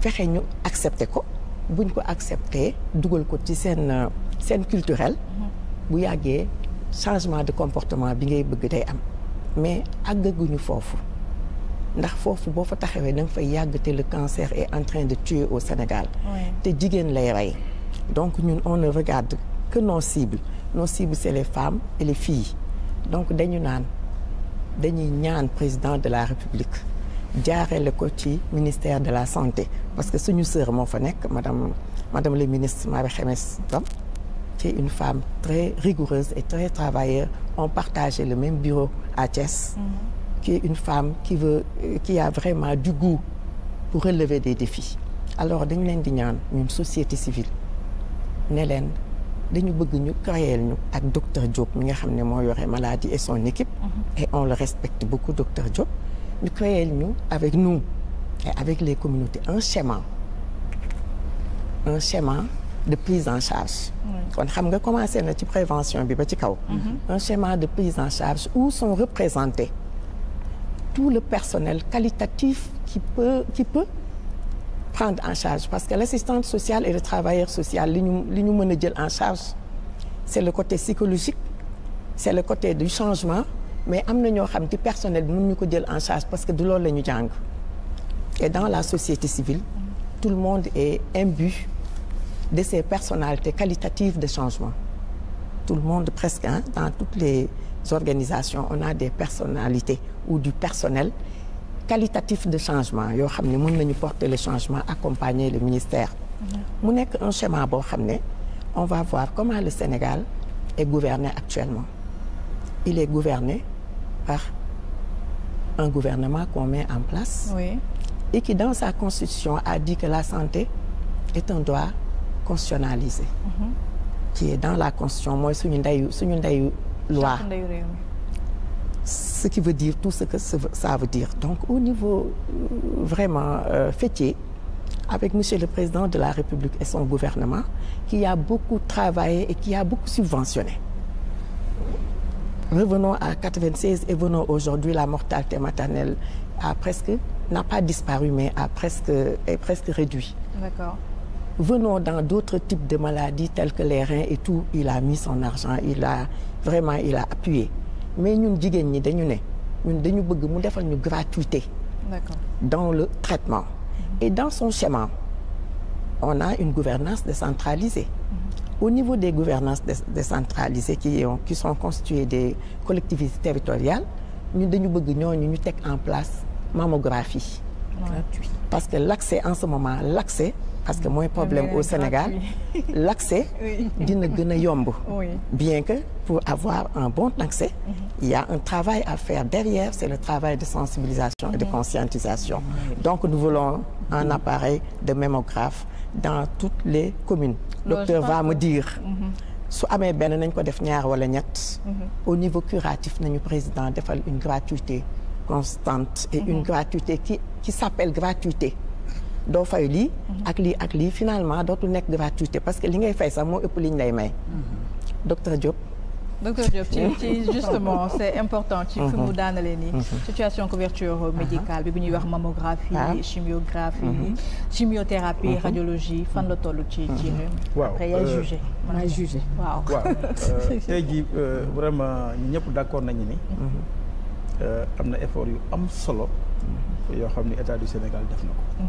fexe ñu accepter ko buñ ko accepter dugal ko ci seen seen culturel bu yàggee changement de comportement bi ngay bëgg day am mais àggaguñu foofu ndax foofu boo fa taxawee da nga fay yàgg te le cancer est en de tuer au Sénégal. te jigéen lay rey. donc ñun on ne regarde que nos cibles nos cibles c'est les femmes et les donc dañu naan dañuy ñaan président de la République jaarale ko ci ministère de la santé parce que suñu sœur moo fa nekk madame madame le ministre Marie Khemesse Ngom qui est une femme très rigoureuse et très travailleuse ont partagé le même bureau à Thiès. Mm-hmm. qui une femme qui veut euh, qui a vraiment du goût pour relever des défis alors dañu leen di ñaan ñun société civile ne leen dañu bëgg ñu créer ñu ak docteur Diop mi nga xam ne moo yore maladie et son équipe mhm. et on le respecte beaucoup docteur Diop ñu créer ñu avec nous et avec les communautés un schéma un schéma de prise en charge kon xam nga commencé na ci prévention bi ba ci kaw mhm. un schéma de prise en charge où sont représentés tout le personnel qualitatif qui peut qui peut prendre en charge parce que l'assistante sociale et le travailleur social li ñu li ñu mën a jël en charge c'est le côté psychologique c'est le côté du changement mais am na ñoo xam ci personnel bi nu ñu ko jël en charge parce que du loolu la ñu jàng et dans la société civile tout le monde est imbu de ces personnalités qualitatives de changement tout le monde presque hein, dans toutes les organisations on a des personnalités ou du personnel qualitatif de changement yoo xam ne mën nañu porter le changement accompagner le ministère mm-hmm. mu nekk un schéma boo xam ne on va voir comment le Sénégal est gouverné actuellement il est gouverné par un gouvernement qu'on met en place oui. et qui dans sa constitution a dit que la santé est un droit constitutionnalisé mm qui est dans la constitution mooy suñu ndeyu suñu ndeyu loi ce qui veut dire que ça donc au niveau euh, vraiment euh, fêtier avec président de la République et son gouvernement qui a beaucoup travaillé et qui a beaucoup subventionné revenons à la mortalité maternelle a presque n'a pas mais a presque est presque réduit d'accord venons dans d'autres types de maladies telles tout il a mis son vraiment il a appuyé mais ñun jigéen ñi dañu ne ñun dañu bëgg mu defar ñu gratuité d'accord dans le traitement mm-hmm. et dans son schéma on a une gouvernance décentralisée mm-hmm. au niveau des gouvernances décentralisées qui ont qui sont constituées des collectivités territoriales ñun dañu bëgg ñooñu ñu teg en place mammographie parce que l'accès en ce moment l'accès parce que mooy problème euh, au Sénégal l'accès dina gën a yomb bien que pour avoir un bon accès mhm. il y a un travail à faire derrière c'est le travail de sensibilisation et de conscientisation donc nous voulons un appareil de mémographe dans toutes les communes docteur va me dire mhm. su amee benn nañ ko def ñaar wala ñett mhm. au niveau curatif nañu président defal une gratuité constante et une gratuité qui qui s'appelle gratuité doo fay lii ak lii ak lii finalement dootul nekk gratuité parce que li ngay fay sax moo ëpp liñ lay may mm-hmm. docteur Diop docteur Diop ci justement c'est important ci fi mu mm-hmm. daanalee nii mm-hmm. situation couverture euh, médicale bi bu ñuy wax mammographie ah. chimiographie chimiothérapie radiologie fan la toll ci ci réew mi waaw après yaay euh, jugé man a waaw euh, tey jii vraiment ñu ñëpp d'accord nañu ni am na effort yu am solo yoo xam ni état du Sénégal def na ko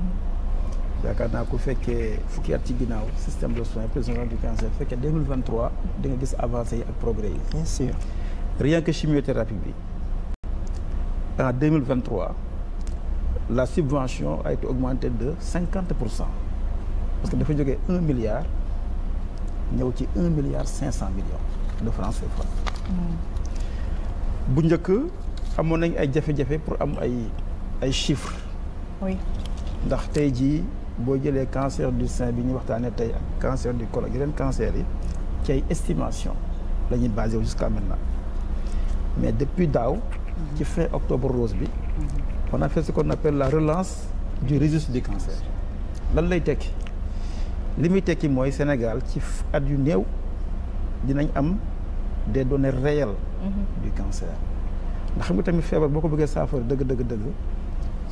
yaakaar naa ku fekkee fukki at ci ginnaaw système de soins prise en charge du cancer fekkee 2023 di nga gis avancé ak progrès yi. bien sûr rien que chimiothérapie bi en 2023 la subvention a été augmentée de pour cent parce que dafa jóge un milliard ñëw ci un milliard cinq cent millions de francs CFA. Hmm. bu njëkk xamoon nañ ay jafe-jafe pour am ay ay chiffres. ndax tey jii. boo jëlee cancer du sin bi ñu waxtaanee tey ak cancer du col ak yeneen cancer yi ci ay estimation la ñuy basé wu jusqu'à maintenant mais depuis daaw ci fin octobre rose bi on a fait ce qu'on appelle la relance du registre du cancer lan lay tekki li muy tekki mooy Sénégal ci at yu néew dinañ am des données réelles mm-hmm. du cancer ndax nga tamit feebar boo ko bëggee saafara dëgg dëgg dëgg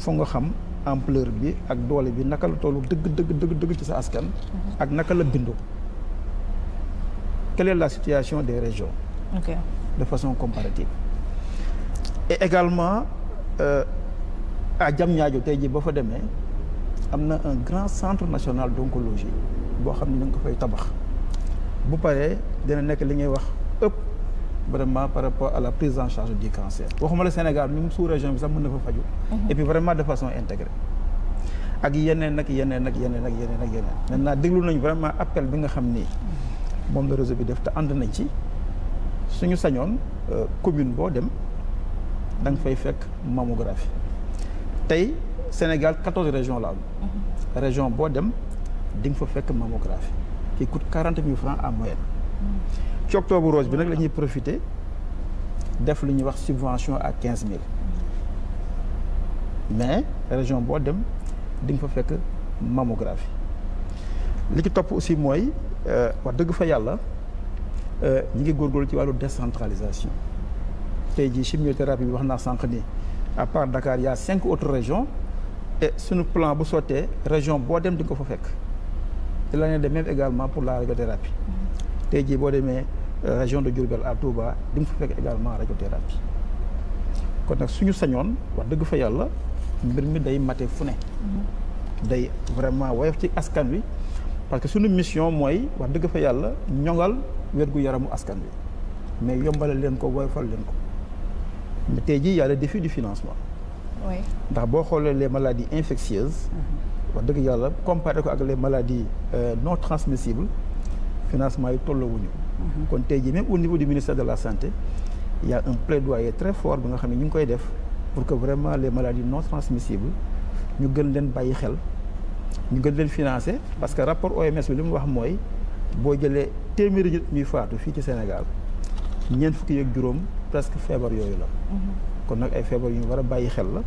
foog nga xam ampleur bi ak doole bi naka la tollu dëgg dëgg dëgg dëgg ci sa askan. Mm-hmm. ak naka la bindu. quelle la situation des régions. de façon comparative. et également euh, à Diamniadio tey jii ba fa demee am na un grand centre national d'oncologie boo xam ne dañ ko fay tabax bu paree dina nekk li ngay wax ëpp. vraiment par rapport à la prise en charge du cancer waxuma la Sénégal même sous région bi sax mën na fa faju mhm. et vraiment de façon intégrée ak yeneen ak yeneen ak yeneen ak yeneen ak yeneen maintenant déglu nañ vraiment appel bi nga xam ni moom la réseau bi def te ànd nañ ci suñu sañoon euh, commune boo dem da fay fekk mammographie tey Sénégal quatorze régions la am mhm. région boo dem di fa fekk mammographie ki coûte quarante mille francs en moyenne mhm. ci octobre rose bi nag la ñuy profité def lu ñuy wax subvention à quinze mille mais région boo dem di nga fa fekk mammographie li ci topp aussi mooy euh, wax dëgg fa yàlla euh, ñi ngi góorgóorlu ci wàllu descentralisation tey jii chimiothérapie bi wax naa sànq ni à part Dakar il cinq autres régions et suñu plan bu sottee région boo dem di ko fa fekk. te la ne de même également pour la radiothérapie mm-hmm. tey jii boo demee Euh, région de Diourbel à Touba di mu fa fekk également radiothérapie kon ak suñu sañoon wax dëgg fa yàlla mbir mi day mate fu ne mm-hmm. day vraiment woyof ci askan wi parce que suñu mission mooy wax dëgg fa yàlla ñoŋal wér-gu-yaramu askan wi mais yombale leen ko woyofal leen ko mais tey jii y a le financement ndax boo xoolee les maladie infectieuses mm-hmm. wax dëgg yàlla comparé ko ak les maladies euh, non transmissibles financement yi tollowuñu Mm-hmm. kon tey jii même au niveau du ministère de la santé il y a un plaidoyer très fort bi nga xam ne ñu ngi koy def pour que vraiment les maladies non transmissibles ñu gën leen bàyyi xel ñu gën leen financer parce que rapport OMS bi li mu wax mooy boo jëlee téeméeri nit ñuy faatu fii ci Sénégal ñeent fukki yeeg juróom presque feebar yooyu la mm-hmm. kon nag ay feebar yu ñu war a bàyyi xel la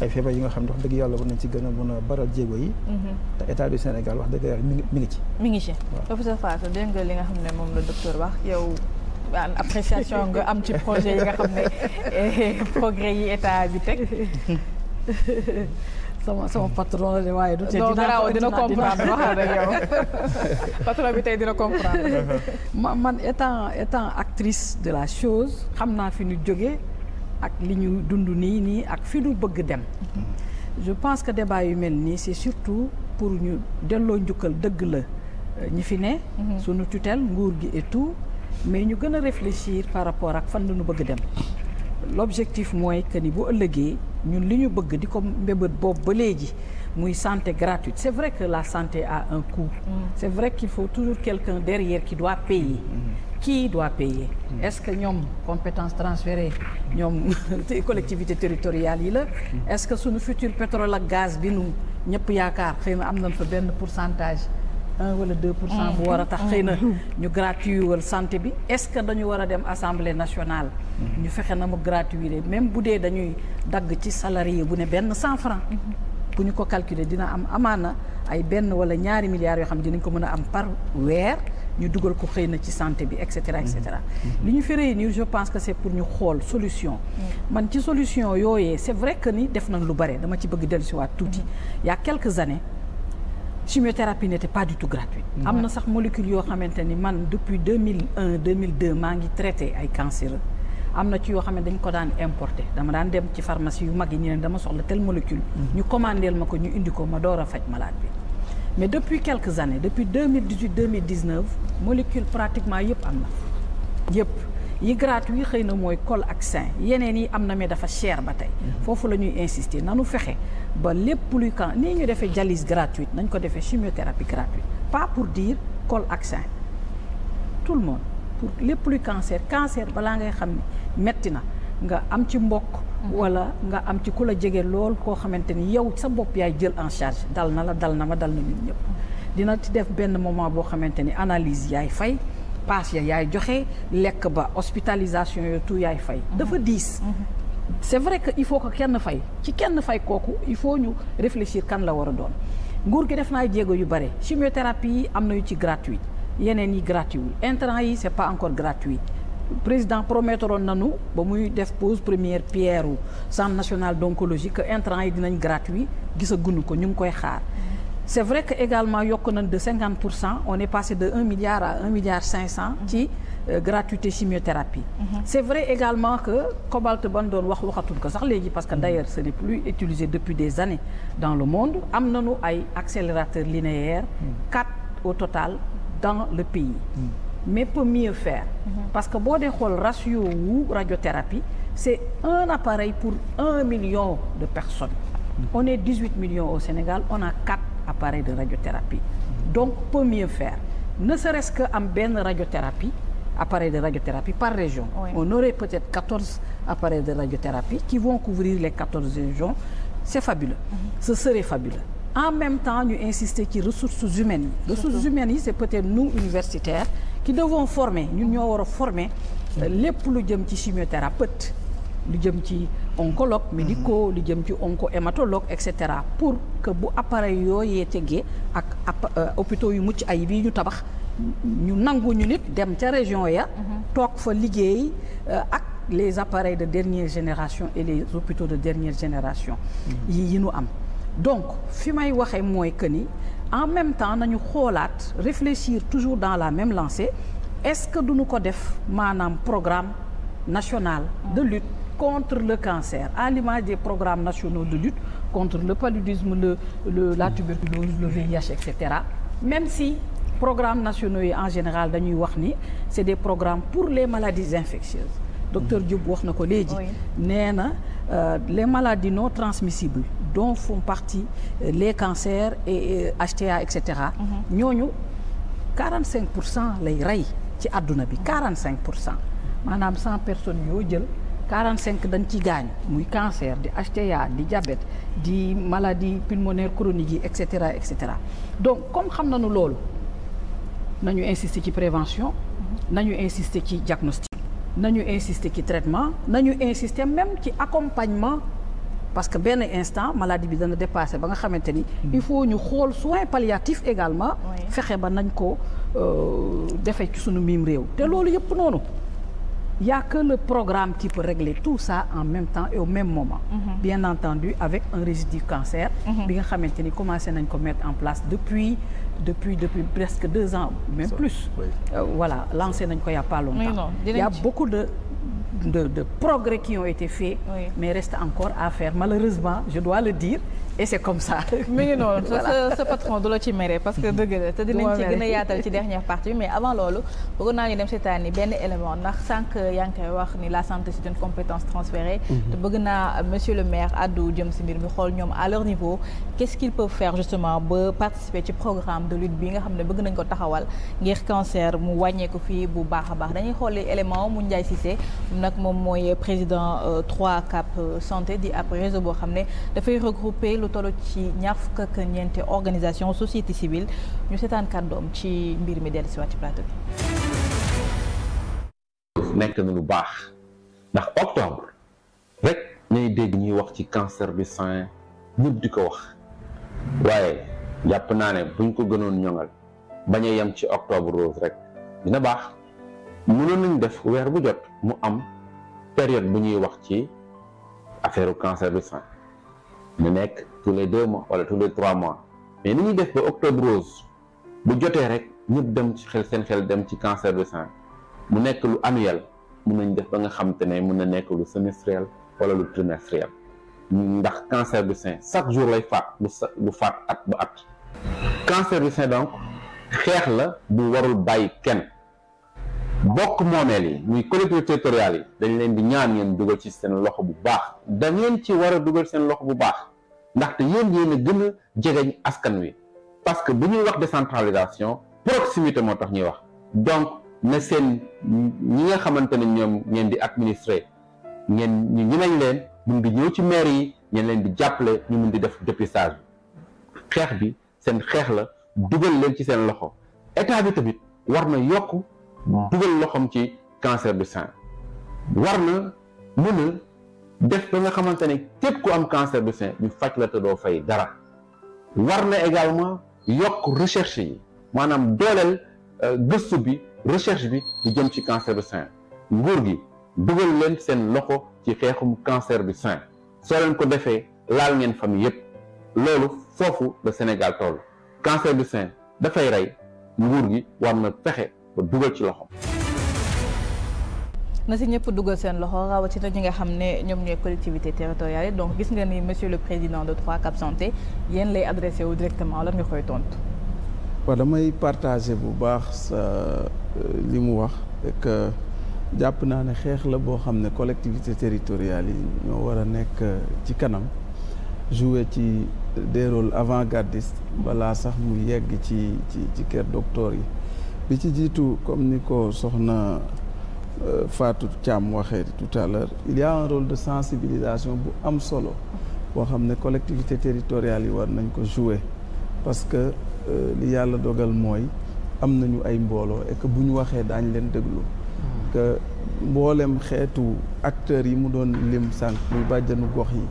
ay feebar yi nga xam ne wax dëgg yàlla war nañ ci gën a mën a baral jéego yi. Mhm. te wax dëgg mi ngi mi ngi ci. mi ngi ci professeur Fatou dégg nga li nga xam ne moom la docteur wax yow. am appréciation nga am ci projet yi nga xam ne eh, progrès yi état bi teg. sama sama patron la de waaye du tey dina dina a waxal rek yow patron bi tey dina comprendre. man étant étant actrice de la chose xam naa fi ñu jógee. ak li ñu dund nii nii ak fi ñu bëgg dem mm-hmm. je pense que débat yu mel nii c'est surtout pour ñu delloo njukkal dëgg la euh, ñi fi ne mm-hmm. sunu tutelle nguur gi et tout mais ñu gën a réfléchir par rapport ak fan la ñu bëgg dem l'objectif mooy que ni bu ëllëgee ñun li ñu bëgg di ko mbébét boobu ba léegi muy santé gratuite c'est vrai que la santé a un coût mm-hmm. c'est vrai qu'il faut toujours quelqu'un derrière qui doit payer qui doit payer hmm. est-ce que ñoom compétence transférée ñoom collectivité territoriale yi la hmm. est-ce que suñu futur pétrole ak gaz bi nu ñëpp yaakaar xëy na am nañ fa benn pourcentage un wala deux pour cent bu war a tax xëy na hmm. ñu gratuital santé bi est-ce que dañu war a dem assemblée nationale ñu fexe na mu gratuité même bu dee dañuy dagg ci salarié bu ne benn cent francs bu ñu ko calculer dina am amaana ay benn wala ñaari milliards yoo xam ne dinañ ko mën a am par weer ñu dugal ko xëy na ci santé bi et cetera et cetera. Mm-hmm. li ñu fi réunir je pense que c'est pour ñu xool solution. Mm-hmm. man ci solution yooyee c'est vrai que ni def nañ lu bare dama ci bëgg dellusiwaat tuuti. Mm-hmm. il y a quelques années chimiothérapie n'était pas du tout gratuite. am na sax molécule yoo xamante ni man depuis deux mille un mille deux maa ngi traité ay cancéreux. am na ci yoo xam ne dañ ko daan importer dama daan dem ci pharmacie yu mag yi ñu ne dama soxla telle molécule. ñu commandeel ma ko ñu indi ko ma door a faj malade bi. mais depuis quelques années depuis 2018 2019 molécule pratiquement yëpp am na yëpp yi gratuit xëy na mooy col ak sein yeneen yi am na mais dafa cher ba tey mhm. foofu la ñuy insister nanu fexe ba lépp luy kan nii ñu defee dialyse gratuite nañ ko defee chimiothérapie gratuite pas pour dire col ak sein tout le monde pour lépp luy cancer cancer balaa ngay xam ni metti na nga am ci mbokk wala nga am ci ku la jege lool koo xamante ni yow sa bopp yaay jël en charge dal na la dal na ma dal na ñun ñëpp. dina ci def benn moment boo xamante ni analyse yaay fay paas yaay joxe lekk ba hospitalisation yoo tout yaay fay. Mhm. dafa diis. Mhm. c'est vrai que il faut que kenn fay ci kenn fay kooku il faut ñu réfléchir kan la war a doon nguur gi def naa jéego yu bare chimiothérapie yi am na yu ci gratuit yeneen yi gratuit intrant yi c'est pas encore gratuit. président promettoon nañu ba muy def pose première pierre u centre national d'oncologie que intrants yi dinañ gratuit gisaguñu ko ñu ngi koy xaar c'est vrai que également yokk nañ de cinquante pour cent on est passé de un milliard à milliard cinq cent mm-hmm. ci euh, gratuité chimiothérapie mm -hmm. c'est vrai également que cobalt ban doon wax waxatul ko sax léegi parce que mm-hmm. d'ailleurs ce n'est plus utilisé depuis des années dans le monde am nañu ay accélérateurs linéaires mm-hmm. quatre au total dans le pays mm mais peut mieux faire. Mhm. parce que boo dee xool ratio wu radiothérapie c'est un appareil pour un million de personnes. Mhm. on est dix huit millions au Sénégal on a quatre appareils de radiothérapie. Mhm. donc peut mieux faire ne serait-ce que am benn radiothérapie appareil de radiothérapie par région. Oui. on aurait peut-être quatorze appareils de radiothérapie qui vont couvrir les quatorze régions c'est fabuleux. Mm-hmm. ce serait fabuleux. en même temps ñu insister ci ressources humaines yi ressources humaines yi c'est peut-être nous universitaires qui devons former ñun ñoo war a former euh, lépp lu jëm ci chimiothérapeute lu jëm ci oncologue médicaux mhm. lu jëm ci oncohématologue et cetera pour que bu appareil yooyee tegee ak ak euh, hôpitaux yu mucc ay bii ñu tabax ñu nangu ñu nit dem ca région ya mhm. toog fa liggéey euh, ak les appareils de dernier génération et les hôpitaux de dernière génération mhm. yi yi ñu am donc fi may waxee mooy que ni en même temps nañu xoolaat réfléchir toujours dans la même lancée est-ce que du duñu ko def maanaam programme national de lutte contre le cancer à l'image programme programmes de lutte contre le paludisme le, le la tuberculose le VIH et cetera même si programme nationaux yi en général dañuy wax ni c'est des programmes pour les maladies infectieuses docteur Diop wax na ko léegi nee na euh, les maladies non transmissibles donc font partie euh, les cancers et HTA euh, et cetera. Mhm. ñooñu 45 pour cent lay rey ci àdduna bi 45 pour cent maanaam 100 personnes yoo jël 45 dañ ci gaañ muy cancer di HTA di diabète di maladie pulmonaire chronique yi et cetera et cetera donc comme xam na nu loolu nañu insister ci prévention mhm. nañu insister ci diagnostic nañu insister ci traitement nañu insister même ci accompagnement parce que benn instant maladie bi dana dépassé ba nga xamante ni. il faut ñu xool soins palliatifs également. fexe ba nañ ko euh, defe ci sunu miim réew. te loolu yëpp noonu y a que le programme qui peut régler tout ça en même temps et au même moment. Mm-hmm. bien entendu avec un résidu cancer. Mhm. bi nga xamante ni commencé nañ ko mettre en place depuis. depuis depuis presque deux ans même so, plus. Oui. Euh, lancé nañ ko y a pas beaucoup de. de de progrès qui ont été faits oui. mais reste encore à faire malheureusement je dois le dire et c'est comme ça. mi ngi noonu sa sa patron du la ci mere parce que hmm. dëgg la te dinañ ci gën a yaatal ci dernière partie mais avant loolu bëggoon naa ñu dem seetaan ni benn élément ndax sànq yaa ngi koy wax ni la santé c'est une compétence transférée. Hmm. te bëgg naa monsieur le maire addu jëm si mbir mi xool ñoom à leur niveau qu'est-ce qu'ils peuvent faire justement ba participer ci programme de lutte bi nga xam ne bëgg nañ ko taxawal ngir cancer mu wàññeeku fii bu baax a baax dañuy xool élément mu Ndiaye Cissé nag moom mooy président 3 euh, cap euh, santé di ab boo xam ne lu toll ci ñaar fukk ñeenti organisation société civile ñu seetaan kàddoom ci mbir mi dellu siwaat ci plateau bi nekk na lu baax ndax octobre rek ñay dégg ñuy wax ci cancer du sein ñëpp di ko wax waaye jàpp naa ne buñ ko gënoon ñoŋal bañ a yem ci octobre rose rek dina baax mënoon nañ def weer bu jot mu am période bu ñuy wax ci affaire cancer du sein ñu nekk tous les deux mois wala tous les trois mois mais ni ñuy def ba octobre rose bu jotee rek ñëpp dem ci xel seen xel dem ci cancer du sein mu nekk lu annuel mun nañu def ba nga xam ne mun na nekk lu semestriel wala lu trimestriel ndax cancer du sein chaque jour lay faat lu sa faat at ba at cancer du sein donc xeex la bu warul bàyyi kenn bokk moomeel yi muy collectivités territoriales yi dañ leen di ñaan ngeen dugal ci seen loxo bu baax da ngeen ci war a dugal seen loxo bu baax ndaxte yéen yéen a gën a askan wi parce que bu ñuy wax décentralisation proximité moo tax ñuy wax donc na seen ñi nga xamante ne ñoom ngeen di administrer ngeen ñu ñinañ leen mun di ñëw ci maire yi ngeen leen di jàppale ñu mun di def dépistage xeex bi seen xeex la dugal leen ci seen loxo état bi tamit war na yokk dugal loxoom ci cancer du sein war na mën a def ba nga xamante ne képp ku am cancer du sein ñu faj la te doo fay dara war na également yokk recherche yi maanaam dooleel euh, gëstu bi recherche bi di jëm ci cancer du sein nguur gi dugal leen seen loxo ci xeexum cancer bi sein soo leen ko defee laal ngeen famille yépp loolu foofu la Sénégal toll cancer du sein dafay rey nguur gi war na pexe ba ci loxoom. na si ñëpp dugal seen loxo rawatina ñi nga xam ne ñoom ñooy collectivité territoriale donc gis nga ni monsieur le président de 3CAP santé yéen lay adressé wu directement lan nga koy tontu. waaw damay partagé bu baax sa euh, li mu wax que jàpp naa ne xeex la boo xam ne collectivité territoriale yi ñoo war a nekk euh, ci kanam jouer ci des rôles avant-gardistes balaa sax mu yegg ci ci ci kër docteur yi. bi ci jiitu comme ni ko soxna euh, Fatou Thiam waxee tout à l'heure il y a un rôle de sensibilisation bu am solo boo xam ne collectivité territoriale yi war nañ ko jouer parce que euh, li yàlla dogal mooy am nañu ay mbooloo et bu ñu waxee daañ leen déglu hmm. que xeetu acteurs yi mu doon lim sànq muy bàjjanu gox yi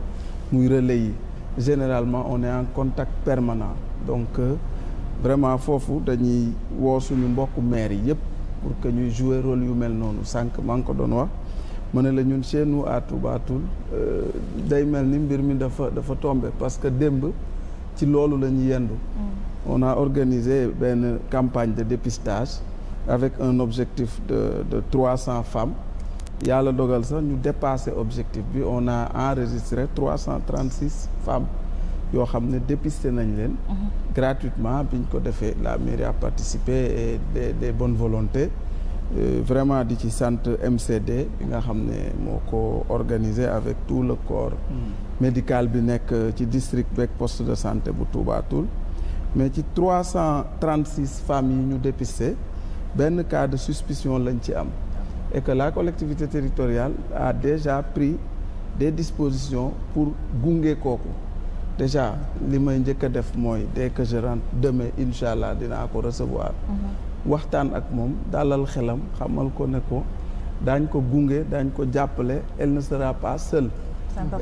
muy relais yi généralement on est en contact permanent donc euh, vraiment foofu dañuy woo suñu mbokku maire yi yëpp pour que ñuy jouer rôle yu mel noonu sànq maa ngi ko doon wax ma ne la ñun chez nous à Touba euh, day mel ni mbir mi dafa dafa tombé parce que démb ci loolu la ñu yendu mm. on a benn campagne de dépistage avec un objectif de de trois cent femmes yàlla dogal sax ñu dépassé objectif bi on a enregistré trois cent trente six femmes yoo xam ne dépisté nañ leen mhm. gratuitement biñ ko defee la mairie à participé et des bonne bonnes volontés euh, vraiment di ci sant MCD bi nga xam ne moo ko organisé avec tout le corps mhm. médical bi nekk ci district beeg poste santé bu Toubatoul mais ci trois cent trente six femmes yi ñu dépisté benn cas de suspicion lañ ci am et la collectivité territoriale a déjà pris des dispositions pour gunge kooku déjà li may njëkk a def mooy dès que je rentre demain dina allah dinaa ko recevoir. Mhm. waxtaan ak moom dalal xelam xamal ko ne ko daañ ko gunge daañ ko jàppale elle ne sera pas seule.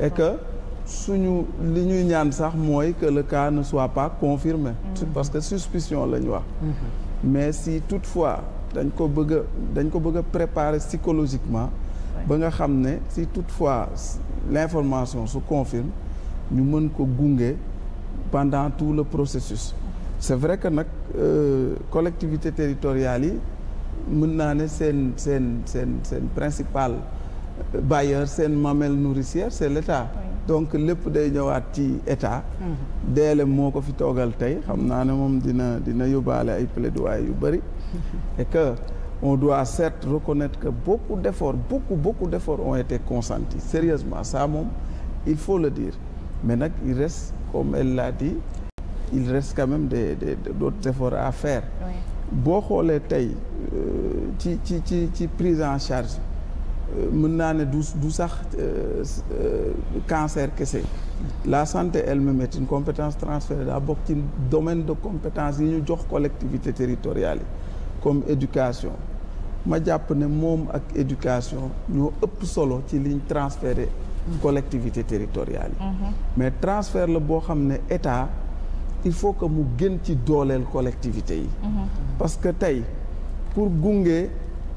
et que suñu li ñuy ñaan sax mooy que le cas ne soit pas confirmé. Mhm. parce que suspicion la ñu wax. Mhm. mais si fois dañ ko bëgg dañ ko bëgg a préparer psychologiquement. ba nga xam ne si fois l'information su confirme. ñu mën ko gunge pendant tout le processus c'est vrai que nag euh, collectivité territoriale yi mën naa ne seen seen seen seen principal euh, bailleur seen mamel nourricière c'est l'État donc lépp day ñëwaat ci état. Mm-hmm. deele moo ko fi toogal tey xam naa ne moom dina dina yóbbaale ay plaidoyer yu bëri. Mm-hmm. et que on doit certes reconnaître que beaucoup d'efforts beaucoup beaucoup d'efforts ont été consentis sérieusement ça moom il faut le dire. mais nag il reste comme elle l'a même des des d'autres efforts à faire boo xoolee tey euh, ci ci ci ci prise en charge euh, mën naa ne du du sax euh, cancer kese la santé elle-même est une compétence transférée daa bokk ci domaine de compétence yi ñu jox collectivité territoriale yi comme éducation ma jàpp ne moom ak éducation ñoo ëpp solo ci liñ transféré collectivité territoriale yi mhm. mais transfert la boo xam ne état il faut que mu gën ci dooleel collectivité yi mhm. parce que tey pour gunge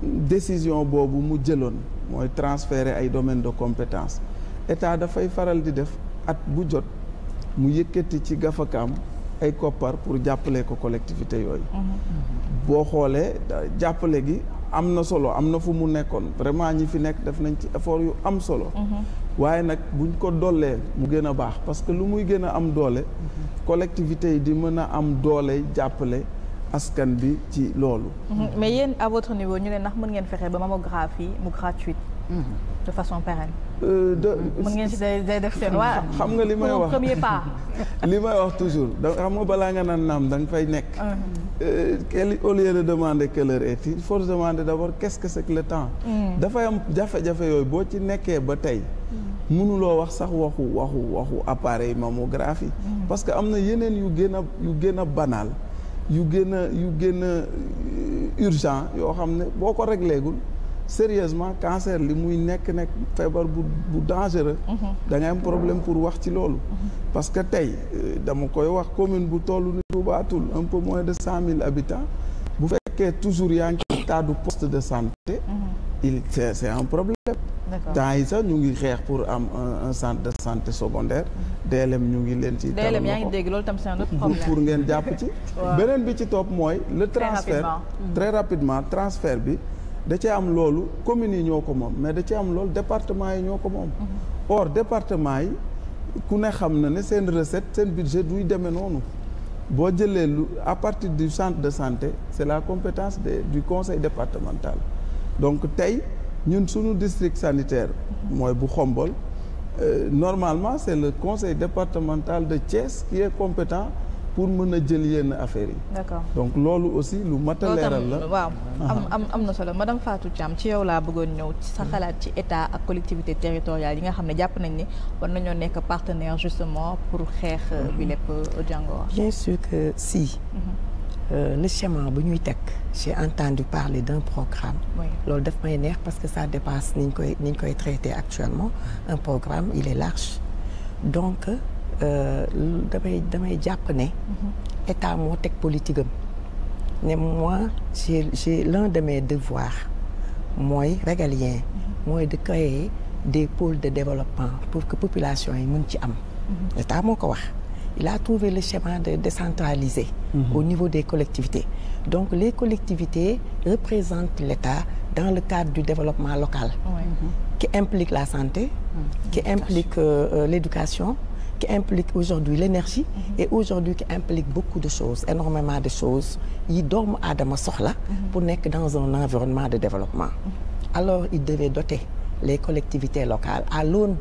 décision boobu mu jëloon mooy transférer ay domaine de compétence état dafay faral di def at bu jot mu yëkkati ci gafakam ay koppar pour jàppale ko collectivité yooyu mhm. boo xoolee jàppale gi am na solo am na fu mu nekkoon vraiment ñi fi nekk def nañ ci effort yu am solo waaye nag buñ ko dollee mu gën a baax parce que lu muy gën a am doole collectivité yi di mën a am doole jàppale askan bi ci loolu mhm. mais yéen à votre niveau ñu ne ndax mën ngeen fexe ba mammographie mu gratuite mhm. de façon pérenne Euh, de mën ngeen si day def seen waa xam nga li may wax premier pas li may wax toujours da xam nga balaa nga naan naam da nga fay nekk. Uh-huh. Euh, quel au lieu de demande quelle heure est il faut demander d' abord que c' le temps. Mm. dafay am jafe-jafe yooyu boo ci nekkee ba tey. Mm. mënuloo wax sax waxu waxu waxu appareil mammographie. Mm. parce que am na yeneen yu gën yu gën a banal yu gën yu gën a euh, urgent yoo xam ne boo ko réglé sérieusement cancer li muy nekk nekk feebar bu bu dangereux mhm. da ngay am problème pour wax ci loolu mhm. parce que tey euh, dama koy wax commune bu toll ni Toubatoul un peu moins de cent mille habitants bu fekkee toujours yaa ngi ci stade poste de santé mhm. il c'est c'est un problème temps yi sax ñu ngi xeex pour am un centre de santé secondaire DLM ñu ngi leen ci DLM yaa ngi dégg loolu tam c'est un autre problème pour ngeen jàpp ci beneen bi ci topp mooy le transfert très rapidement transfert bi da ce am loolu communes yi ñoo ko moom mais da cee am loolu département yi ñoo ko moom. Mm-hmm. or département yi ku ne xam na ne seen recette seen budget duy demee noonu. boo jëlee lu à partir du centre de santé c'est la compétence de du conseil départemental donc tey ñun suñu district sanitaire. mooy bu xombol euh, normalement c'est le conseil départemental de Thiès qui est compétent. pour mun a jël yenn affaires yi. donc loolu aussi lu mat la waaw am am am na solo madame Fatou Thiam ci yow laa bëggoon ñëw ci sa xalaat ci état ak collectivité territoriale yi nga xam ne jàpp nañ ni war nañoo nekk partenaire justement pour xeex euh, bi lépp euh, jàngoro. bien sûr que si. Mhm. Euh, le schéma bu ñuy teg j'ai entendu parler d'un programme loolu daf may neex parce que ça dépense ni ñu koy ni ñu koy traité actuellement un programme il est large donc Euh, damay damay jàpp ne mhm. état moo teg politique am ne moi j'ai j'ai l'un de mes mooy régalien mhm. mooy de créer des pôles de développement pour que population yi mën ci am mhm. état moo ko wax il a trouvé le chemin de décentraliser au niveau des collectivités donc les collectivités représentent l'État dans le cadre du développement local qui implique la santé qui implique l'éducation euh, euh, qui implique aujourd'hui l'énergie mhm. et aujourd'hui qui implique beaucoup de choses énormément de choses yi doomu adama soxla mhm. pour nekk dans un environnement de développement mhm. alors il devait doter les collectivités locales à l'aune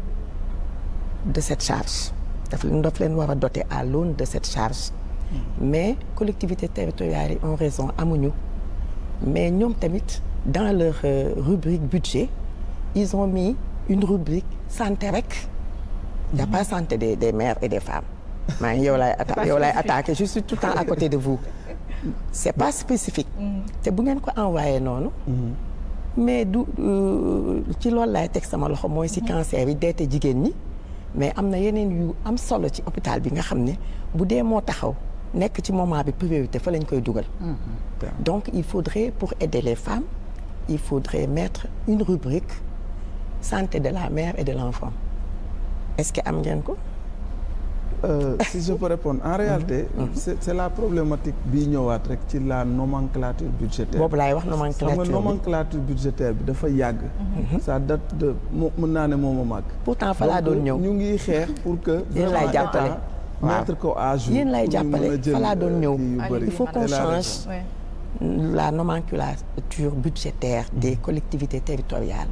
de cette charge daf leen daf leen war a doter à l'aune de cette charge mais collectivités territoriales yi ont raison amuñu mais ñoom tamit dans leur euh, rubrique budget ils ont mis une rubrique santé rek t'as pas santé de des mères et des femmes. maa ngi yow laay attaqué yow laay attaqué je suis tout le temps à côté de vous. c'est pas spécifique. Mm-hmm. te bu ngeen ko envoyé noonu. Mm-hmm. mais du euh, ci loolu laay teg sama loxo mooy si mm-hmm. cancer yi deete jigéen ñi. mais am na yeneen yu am solo ci hôpital bi nga xam ne bu dee moo taxaw nekk ci moment bi priorité fa lañ koy dugal. donc il faudrait pour aider les femmes il faudrait mettre une rubrique santé de la mère et de l'enfant. est-ce que am ngeen ko. Euh, en réalité. Mm-hmm. Mm-hmm. c'est la problématique bi ñëwaat rek ci la nomenclature budgétaire. boobu laay wax nomenclature bi budgétaire bi dafa yàgg. Mm-hmm. ça date de mën naa ne moom a màgg. pourtant fa doon ñëw ñu ngi xeex pour que. vraiment état mettre ko à jour. lay jàppale fa doon ñëw il la nomenclature budgétaire des collectivité territorial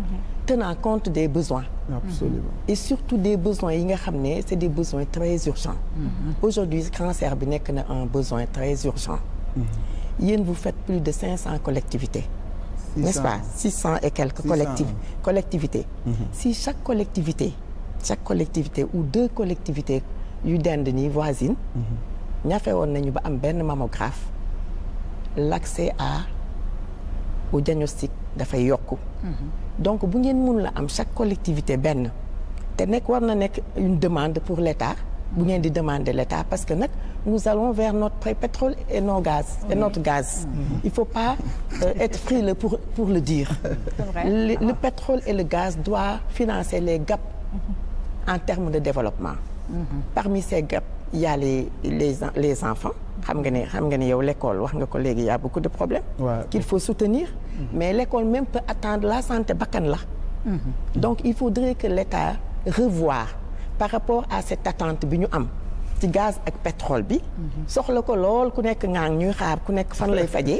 tenant compte des besoins. absolument surtout des besoins yi nga xam ne c'est des besoins très urgents. Mm-hmm. aujourd'hui cancer bi nekk na un besoin très urgent. Mm-hmm. yéen vous faites plus de cinq cent collectivités. n'est-ce cent et quelques collectif mm-hmm. si chaque collectivité chaque collectivité ou deux collectivités yu dend nii voisines ñafe woon nañu ba am benn mammographe l'accès à au diagnostic dafay yokku donc bu ngeen mun la am chaque collectivité benn te nekk war na nekk une demande pour l'État bu ngeen di demander l'État parce que nag nous allons vers notre pétrole et nos gaz notre gaz mm-hmm. il faut pas euh, être frileux pour pour le dire le, le pétrole et le gaz doivent financer les gaps mm-hmm. en termes de développement mm-hmm. parmi ces gaps il y a les les les enfants xam nga ne xam nga ne yow l'école wax nga ko léegi y a beaucoup de problèmes ouais. qu'il faut soutenir mm-hmm. mais lekkool même peut attendre la santé bakkan la mm-hmm. donc il faudrait que l'État revoie par rapport à cette attente bi ñu am ci gaz ak pétrole bi mm-hmm. soxla ko lool ku nekk ngaang ñuy xaar ku nekk fan lay fajee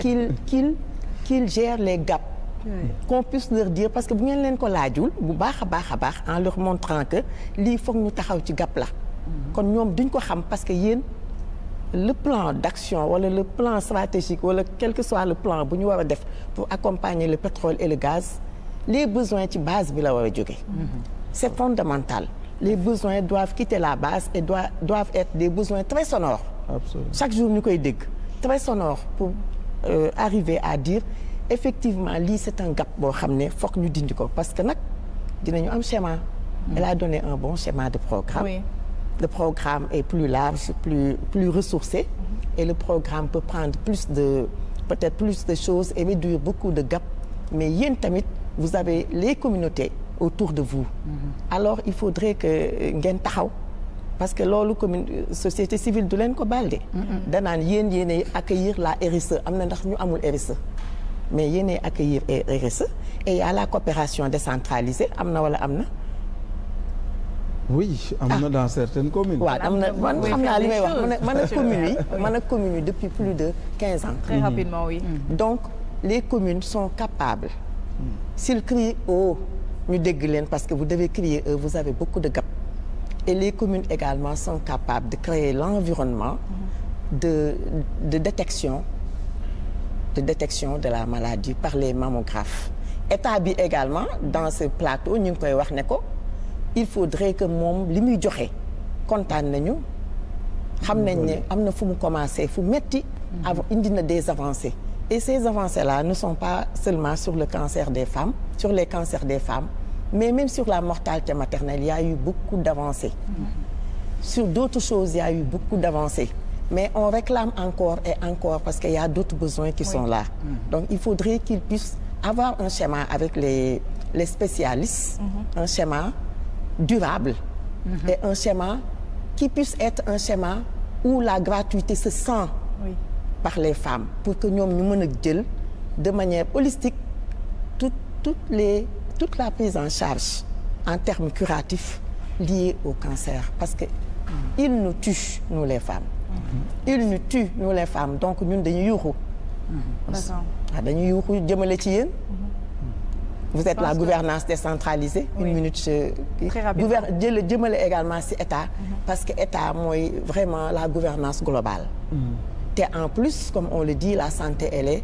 qu'il qu'il qu'il gère les gaps qu'on puisse leur parce que bu ngeen leen ko laajul bu baax a baax a baax en leur montrant que lii foog ñu taxaw ci gàpp la kon ñoom duñ ko xam parce que yéen le plan d'action wala le plan stratégique wala quel que soit le plan bu ñu war a def pour accompagner le pétrole et le gaz les besoins ci base bi la war a jóge c'est fondamental les besoins doivent quitter la base et doivent doivent être des besoins très sonores chaque jour ñu koy dégg très sonores pour euh, arriver à dire effectivement li c'est un gap boo xam ne foog ñu dindi ko parce que nag dinañu am schéma elle a donné un bon schéma de programme oui. le programme est plus large, plus, plus ressourcé et le programme peut prendre plus de, peut-être plus de choses et réduire beaucoup de gap Mais yéen tamit, vous avez les communautés autour de vous. Mm-hmm. Alors il faudrait que euh, ngeen taxaw parce que loolu commune euh, société civile du leen ko balde mm-hmm. danaan yéen yéenay accueillir la RSE am na ndax ñu amul RSE mais yéenay accueillir RSE et il la coopération décentralisée am na wala am na oui am na dans certaines communes. am na man xam naa li may wax man ak commune yi man ak commune yi depuis plus de quinze ans. très rapidement mm. donc les communes sont capables. Mm. s'ils crient haut oh ñu dégg leen parce que vous devez crier haut euh, vous avez beaucoup de gap. et les communes également sont capables de créer l'environnement mm-hmm. de de détection de détection de la maladie par les mammographes état bi également dans ce plateau ñu ngi koy wax ne ko. il faudrait que moom li muy joxe kontaan nañu. xam nañ ne am na fu mu commencé fu metti av indi na des avancées. et ces avancées là ne sont pas seulement sur le cancer des femmes sur les cancers des femmes mais même sur la mortalité maternelle il y a eu beaucoup d'avancées. Mm sur d'autres choses il y a eu beaucoup d'avancées. mais on réclame encore et encore parce qu'il y a d'autres besoins qui sont là. Mm. donc il faudrait qu'ils puissent avoir un schéma avec les les spécialistes. Mm durable mm-hmm. et un schéma qui puisse être un schéma ou la gratuité se sent oui. par les femmes pour que ñoom ñu mën a jël de manière holistique tout toutes les toute la prise en charge en termes curatifs liés au cancer parce que mmh. il nous tue nous les femmes mmh. il nous tue nous les femmes donc ñun dañuy yuuxu waaw mm-hmm. ah, dañuy yuuxu jëmale ci yéen mm-hmm. vous êtes la gouvernance décentralisée une minute gouver jël jëmale également ci état mhm. parce que état mooy vraiment la gouvernance globale mhm. te en plus comme on le dit la santé elle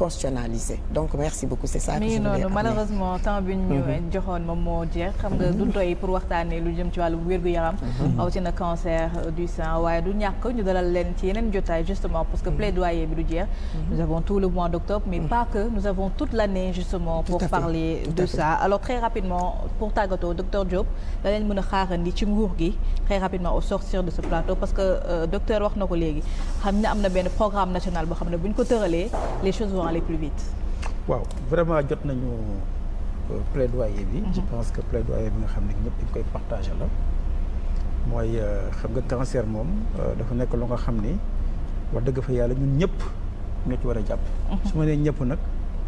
constitutionnalisé donc merci beaucoup c'est ça. que je voulais noonu malheureusement temps bi ñu mhm. joxoon moom moo jeex. xam nga du mhm. doy pour waxtaanee lu jëm ci wàllu wér-gu-yaram. Mhm. rawatina cancer du sein waaye du ñàkk ñu dalal leen ci yeneen jotaay justement parce que plaidoyer bi du jeex. nous avons tout le mois d'octobre mais pas que nous avons toute l'année justement. pour parler de ça alors très rapidement pour tàggatoo docteur Diop da leen mën a xaarandi ci nguur gi très rapidement au euh, na ko léegi xam na benn programme aller plus waaw vraiment jot nañu euh, plaidoyer bi je mhm. pense que plaidoyer bi nga xam ne ñëpp dañ koy partagé la mooy euh, xam nga cancer moom euh, dafa nekk lu nga xam ni wax dëgg fa yàlla ñun ñëpp ñoo ci war a jàpp mhm. su ma nee ñëpp nag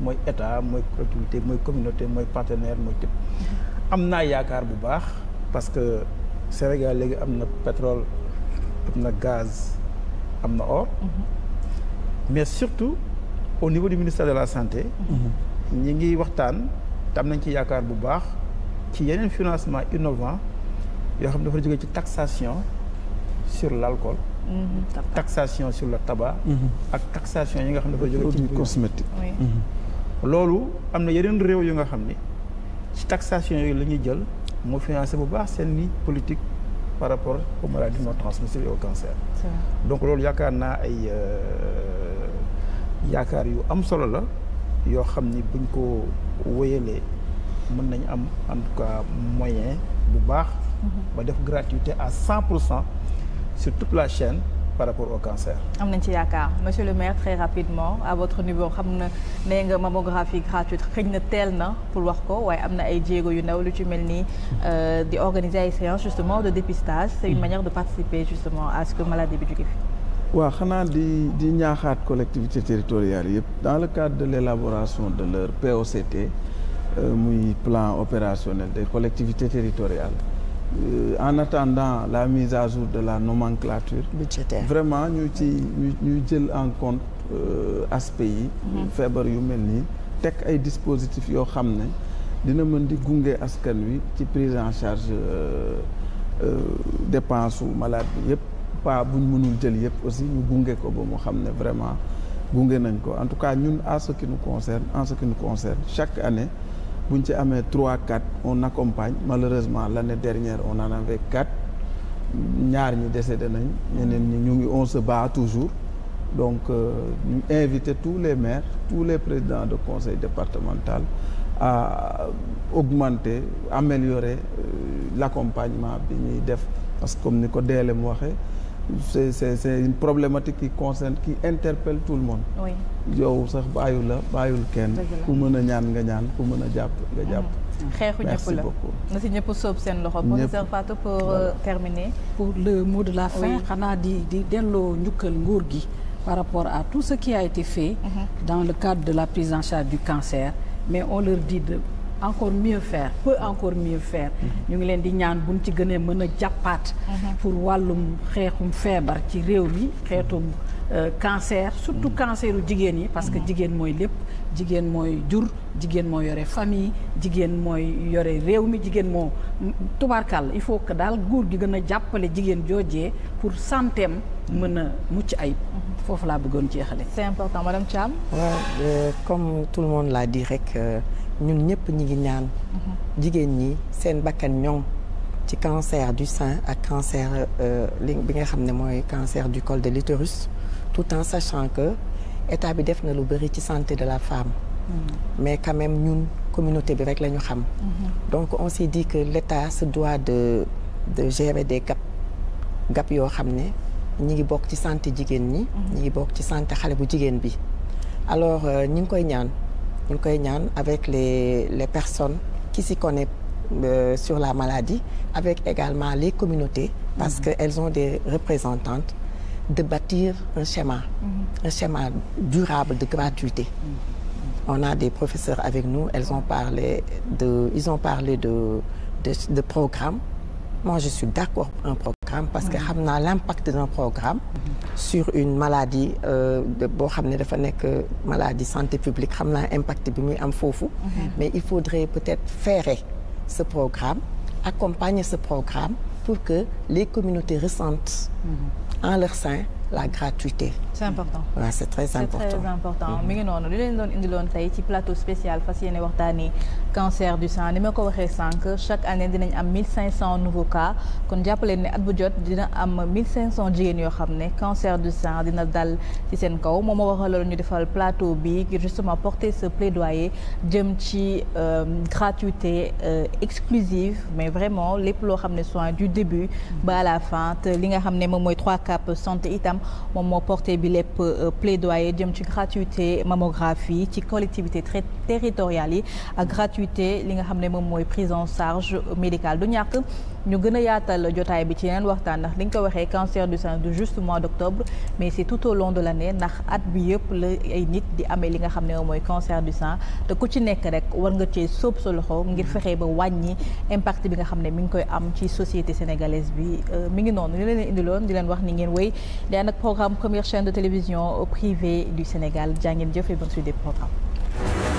mooy état mooy collectivité mooy communauté mooy partenaire mooy tëb mhm. am naa yaakaar bu baax parce que Sénégal léegi am na pétrole am na gaz am na or mais surtout au niveau de ministère de la santé. Mhm. ñi ngi waxtaan tam nañ ci yaakaar bu baax ci yeneen financement innovant yoo xam ne dafa jógee ci taxation sur l' alcool. Mhm. taxation sur le tabac. Mhm. ak taxation yi nga xam ne dafa jógee ci cosmétique loolu am na yeneen réew yu nga xam ni ci taxation yooyu la ñuy jël moo financé bu baax seen ni politique par rapport aux maladies non transmissibles et au cancer. donc loolu yaakaar naa ay. Euh, yaakaar yu am solo la yoo xam ni buñ ko wéyalee mën nañ am en tout cas moyen bu baax mhm. ba def gratuité à cent cent sur toute la chaîne par rapport au cancer. am nañ ci yaakaar monsieur le maire très rapidement à votre niveau xam na nee nga mammographie gratuite xëy na teel na pour wax ko waaye am na ay jéego yu ndaw lu ci mel nii euh, di organiser ay séances justement de dépistage c'est une mm. manière de participer justement à ce que maladie bi jóge waaw xanaa di di ñaaxaat collectivités territoriales yëpp dans le cadre de l'élaboration de leur POCT euh, muy plan opérationnel des collectivités territoriales euh, en attendant la mise à jour de la nomenclature budgétaire vraiment ñu ci ñuy jël en compte euh, aspect yi mm-hmm. feebar yu mel nii teg ay dispositif yoo xam ne dina mën di gunge askan wi ci prise en charge euh, euh, dépense u malade bi yëpp pas bu ñu mënul jël yëpp aussi ñu gunge ko ba mu xam ne vraiment gunge nañ ko en tout cas ñun à ce qui nous concerne en ce qui nous concerne chaque année bu ñu ci amee trois quatre on accompagne malheureusement l'année dernière on en avait quatre ñaar ñi décédé nañ ñeneen ñi ñu ngi on se bat toujours donc euh, ñu euh, invité tous les maires tous les présidents de conseil départemental à augmenter améliorer euh, l'accompagnement bi ñuy def parce que comme ni ko deelem waxee c'est c'est c'est une problématique qui concerne qui interpelle tout le monde. oui yow sax bàyyu la bàyyul kenn. ku mën a ñaan nga ñaan ku mën a jàpp nga jàpp. xeexu ñëpp la na si ñëpp soob seen loxo. professeur Fatou pour euh, terminer. pour le mot de la fin xanaa di delloo njukkal nguur gi. par rapport à tout ce qui a été fait. Mm-hmm. dans le cadre de la prise charge du cancer mais on leur dit encore mieux faire peut encore mieux faire. ñu ngi leen di ñaan buñ ci gënee mën a jàppaat. Mhm. pour wàllum xeexum feebar ci réew mi xeetum euh, cancer surtout mhm. canceru jigéen yi parce que mhm. jigéen mooy lépp jigéen mooy jur jigéen moo yore famille jigéen mooy yore réew mi jigéen moo tubarkal il faut que daal góor gi gën a jàppale jigéen joojee pour santeem mën a mucc ay foofu laa bëggoon jeexale c'est important madame Thiam waaw euh, comme tout le monde laa di rek euh, ñun ñëpp ñu ngi ñaan jigéen ñi seen bakkan ñoŋ ci cancer du sein ak cancer euh, li bi nga xam ne mooy cancer du cole de l'utérus tout en sachant que état bi def na lu bëri ci santé de la femme mm. mais quand même ñun communauté bi rek lañu xam mm-hmm. donc on s'est dit que l'état se doit de de gérer des yoo xam ne ñi ngi bokk ci santé jigéen ñi. Mhm. ñi ngi bokk ci santé xale bu jigéen bi. alors euh, ñi ngi koy ñaan ñu ngi koy ñaan avec les les personnes qui s'y connaissent euh, sur la maladie avec également les communautés. parce mm que elles ont des représentantes. de bâtir un schéma. Mm durable de gratuité. Mm -hmm. on a des professeurs avec nous elles ont parlé de ils ont parlé de de de programme moi je suis d'accord pour programme. programme parce que xam naa l'impact d'un programme mm-hmm. sur une maladie euh, boo xam ne dafa nekk maladie santé publique xam naa impact bi muy am foofu mm-hmm. mais il faudrait peut-être ferrer ce programme accompagner ce programme pour que les communautés ressentent mm-hmm. en leur sein la gratuité. c'est important waaw ouais, c'est mm-hmm. mi ngi noonu li leen doon indiloon tey ci plateau spécial fas yéene waxtaanee cancer du sang ni ma ko waxee sànq chaque année dinañ am 1500 cas kon jàppaleen ne at bu jot dina am jigéen yoo xam ne cancer du sang dina dal ci seen kaw moom moo waxaloon ñu defal plateau bi ngir justement porter ce plaidoyer jëm ci euh, gratuité euh, exclusive mais vraiment lépp loo xam ne soin du début ba à la fin te li nga xam ne moom mooy trois moom moo porté bi lépp euh, plaidoyer jëm ci gratuité mammographie ci collectivité très territoriales yi ak gratuité li nga xam ne moom mooy prise en charge médicale du ñàkk ñu gën a yaatal jotaay bi ci yeneen waxtaan ndax li ñu ko waxee cancer du mois d'octobre mais c'est tout au long de l'année ndax at bi yëpp li nga xam ne moom mooy cancer du sein te ku ci nekk rek war nga cee sóob sa loxo ngir mm-hmm. fexe ba wàññi impact bi nga xam ne mi ngi koy am ci société sénégalaise bi euh, mi ngi noonu li leen indiloon di leen wax ni ngeen wéy nag programme première chaîne de télévision privée du Sénégal jaa ngeen jëf et bonne suite des programmes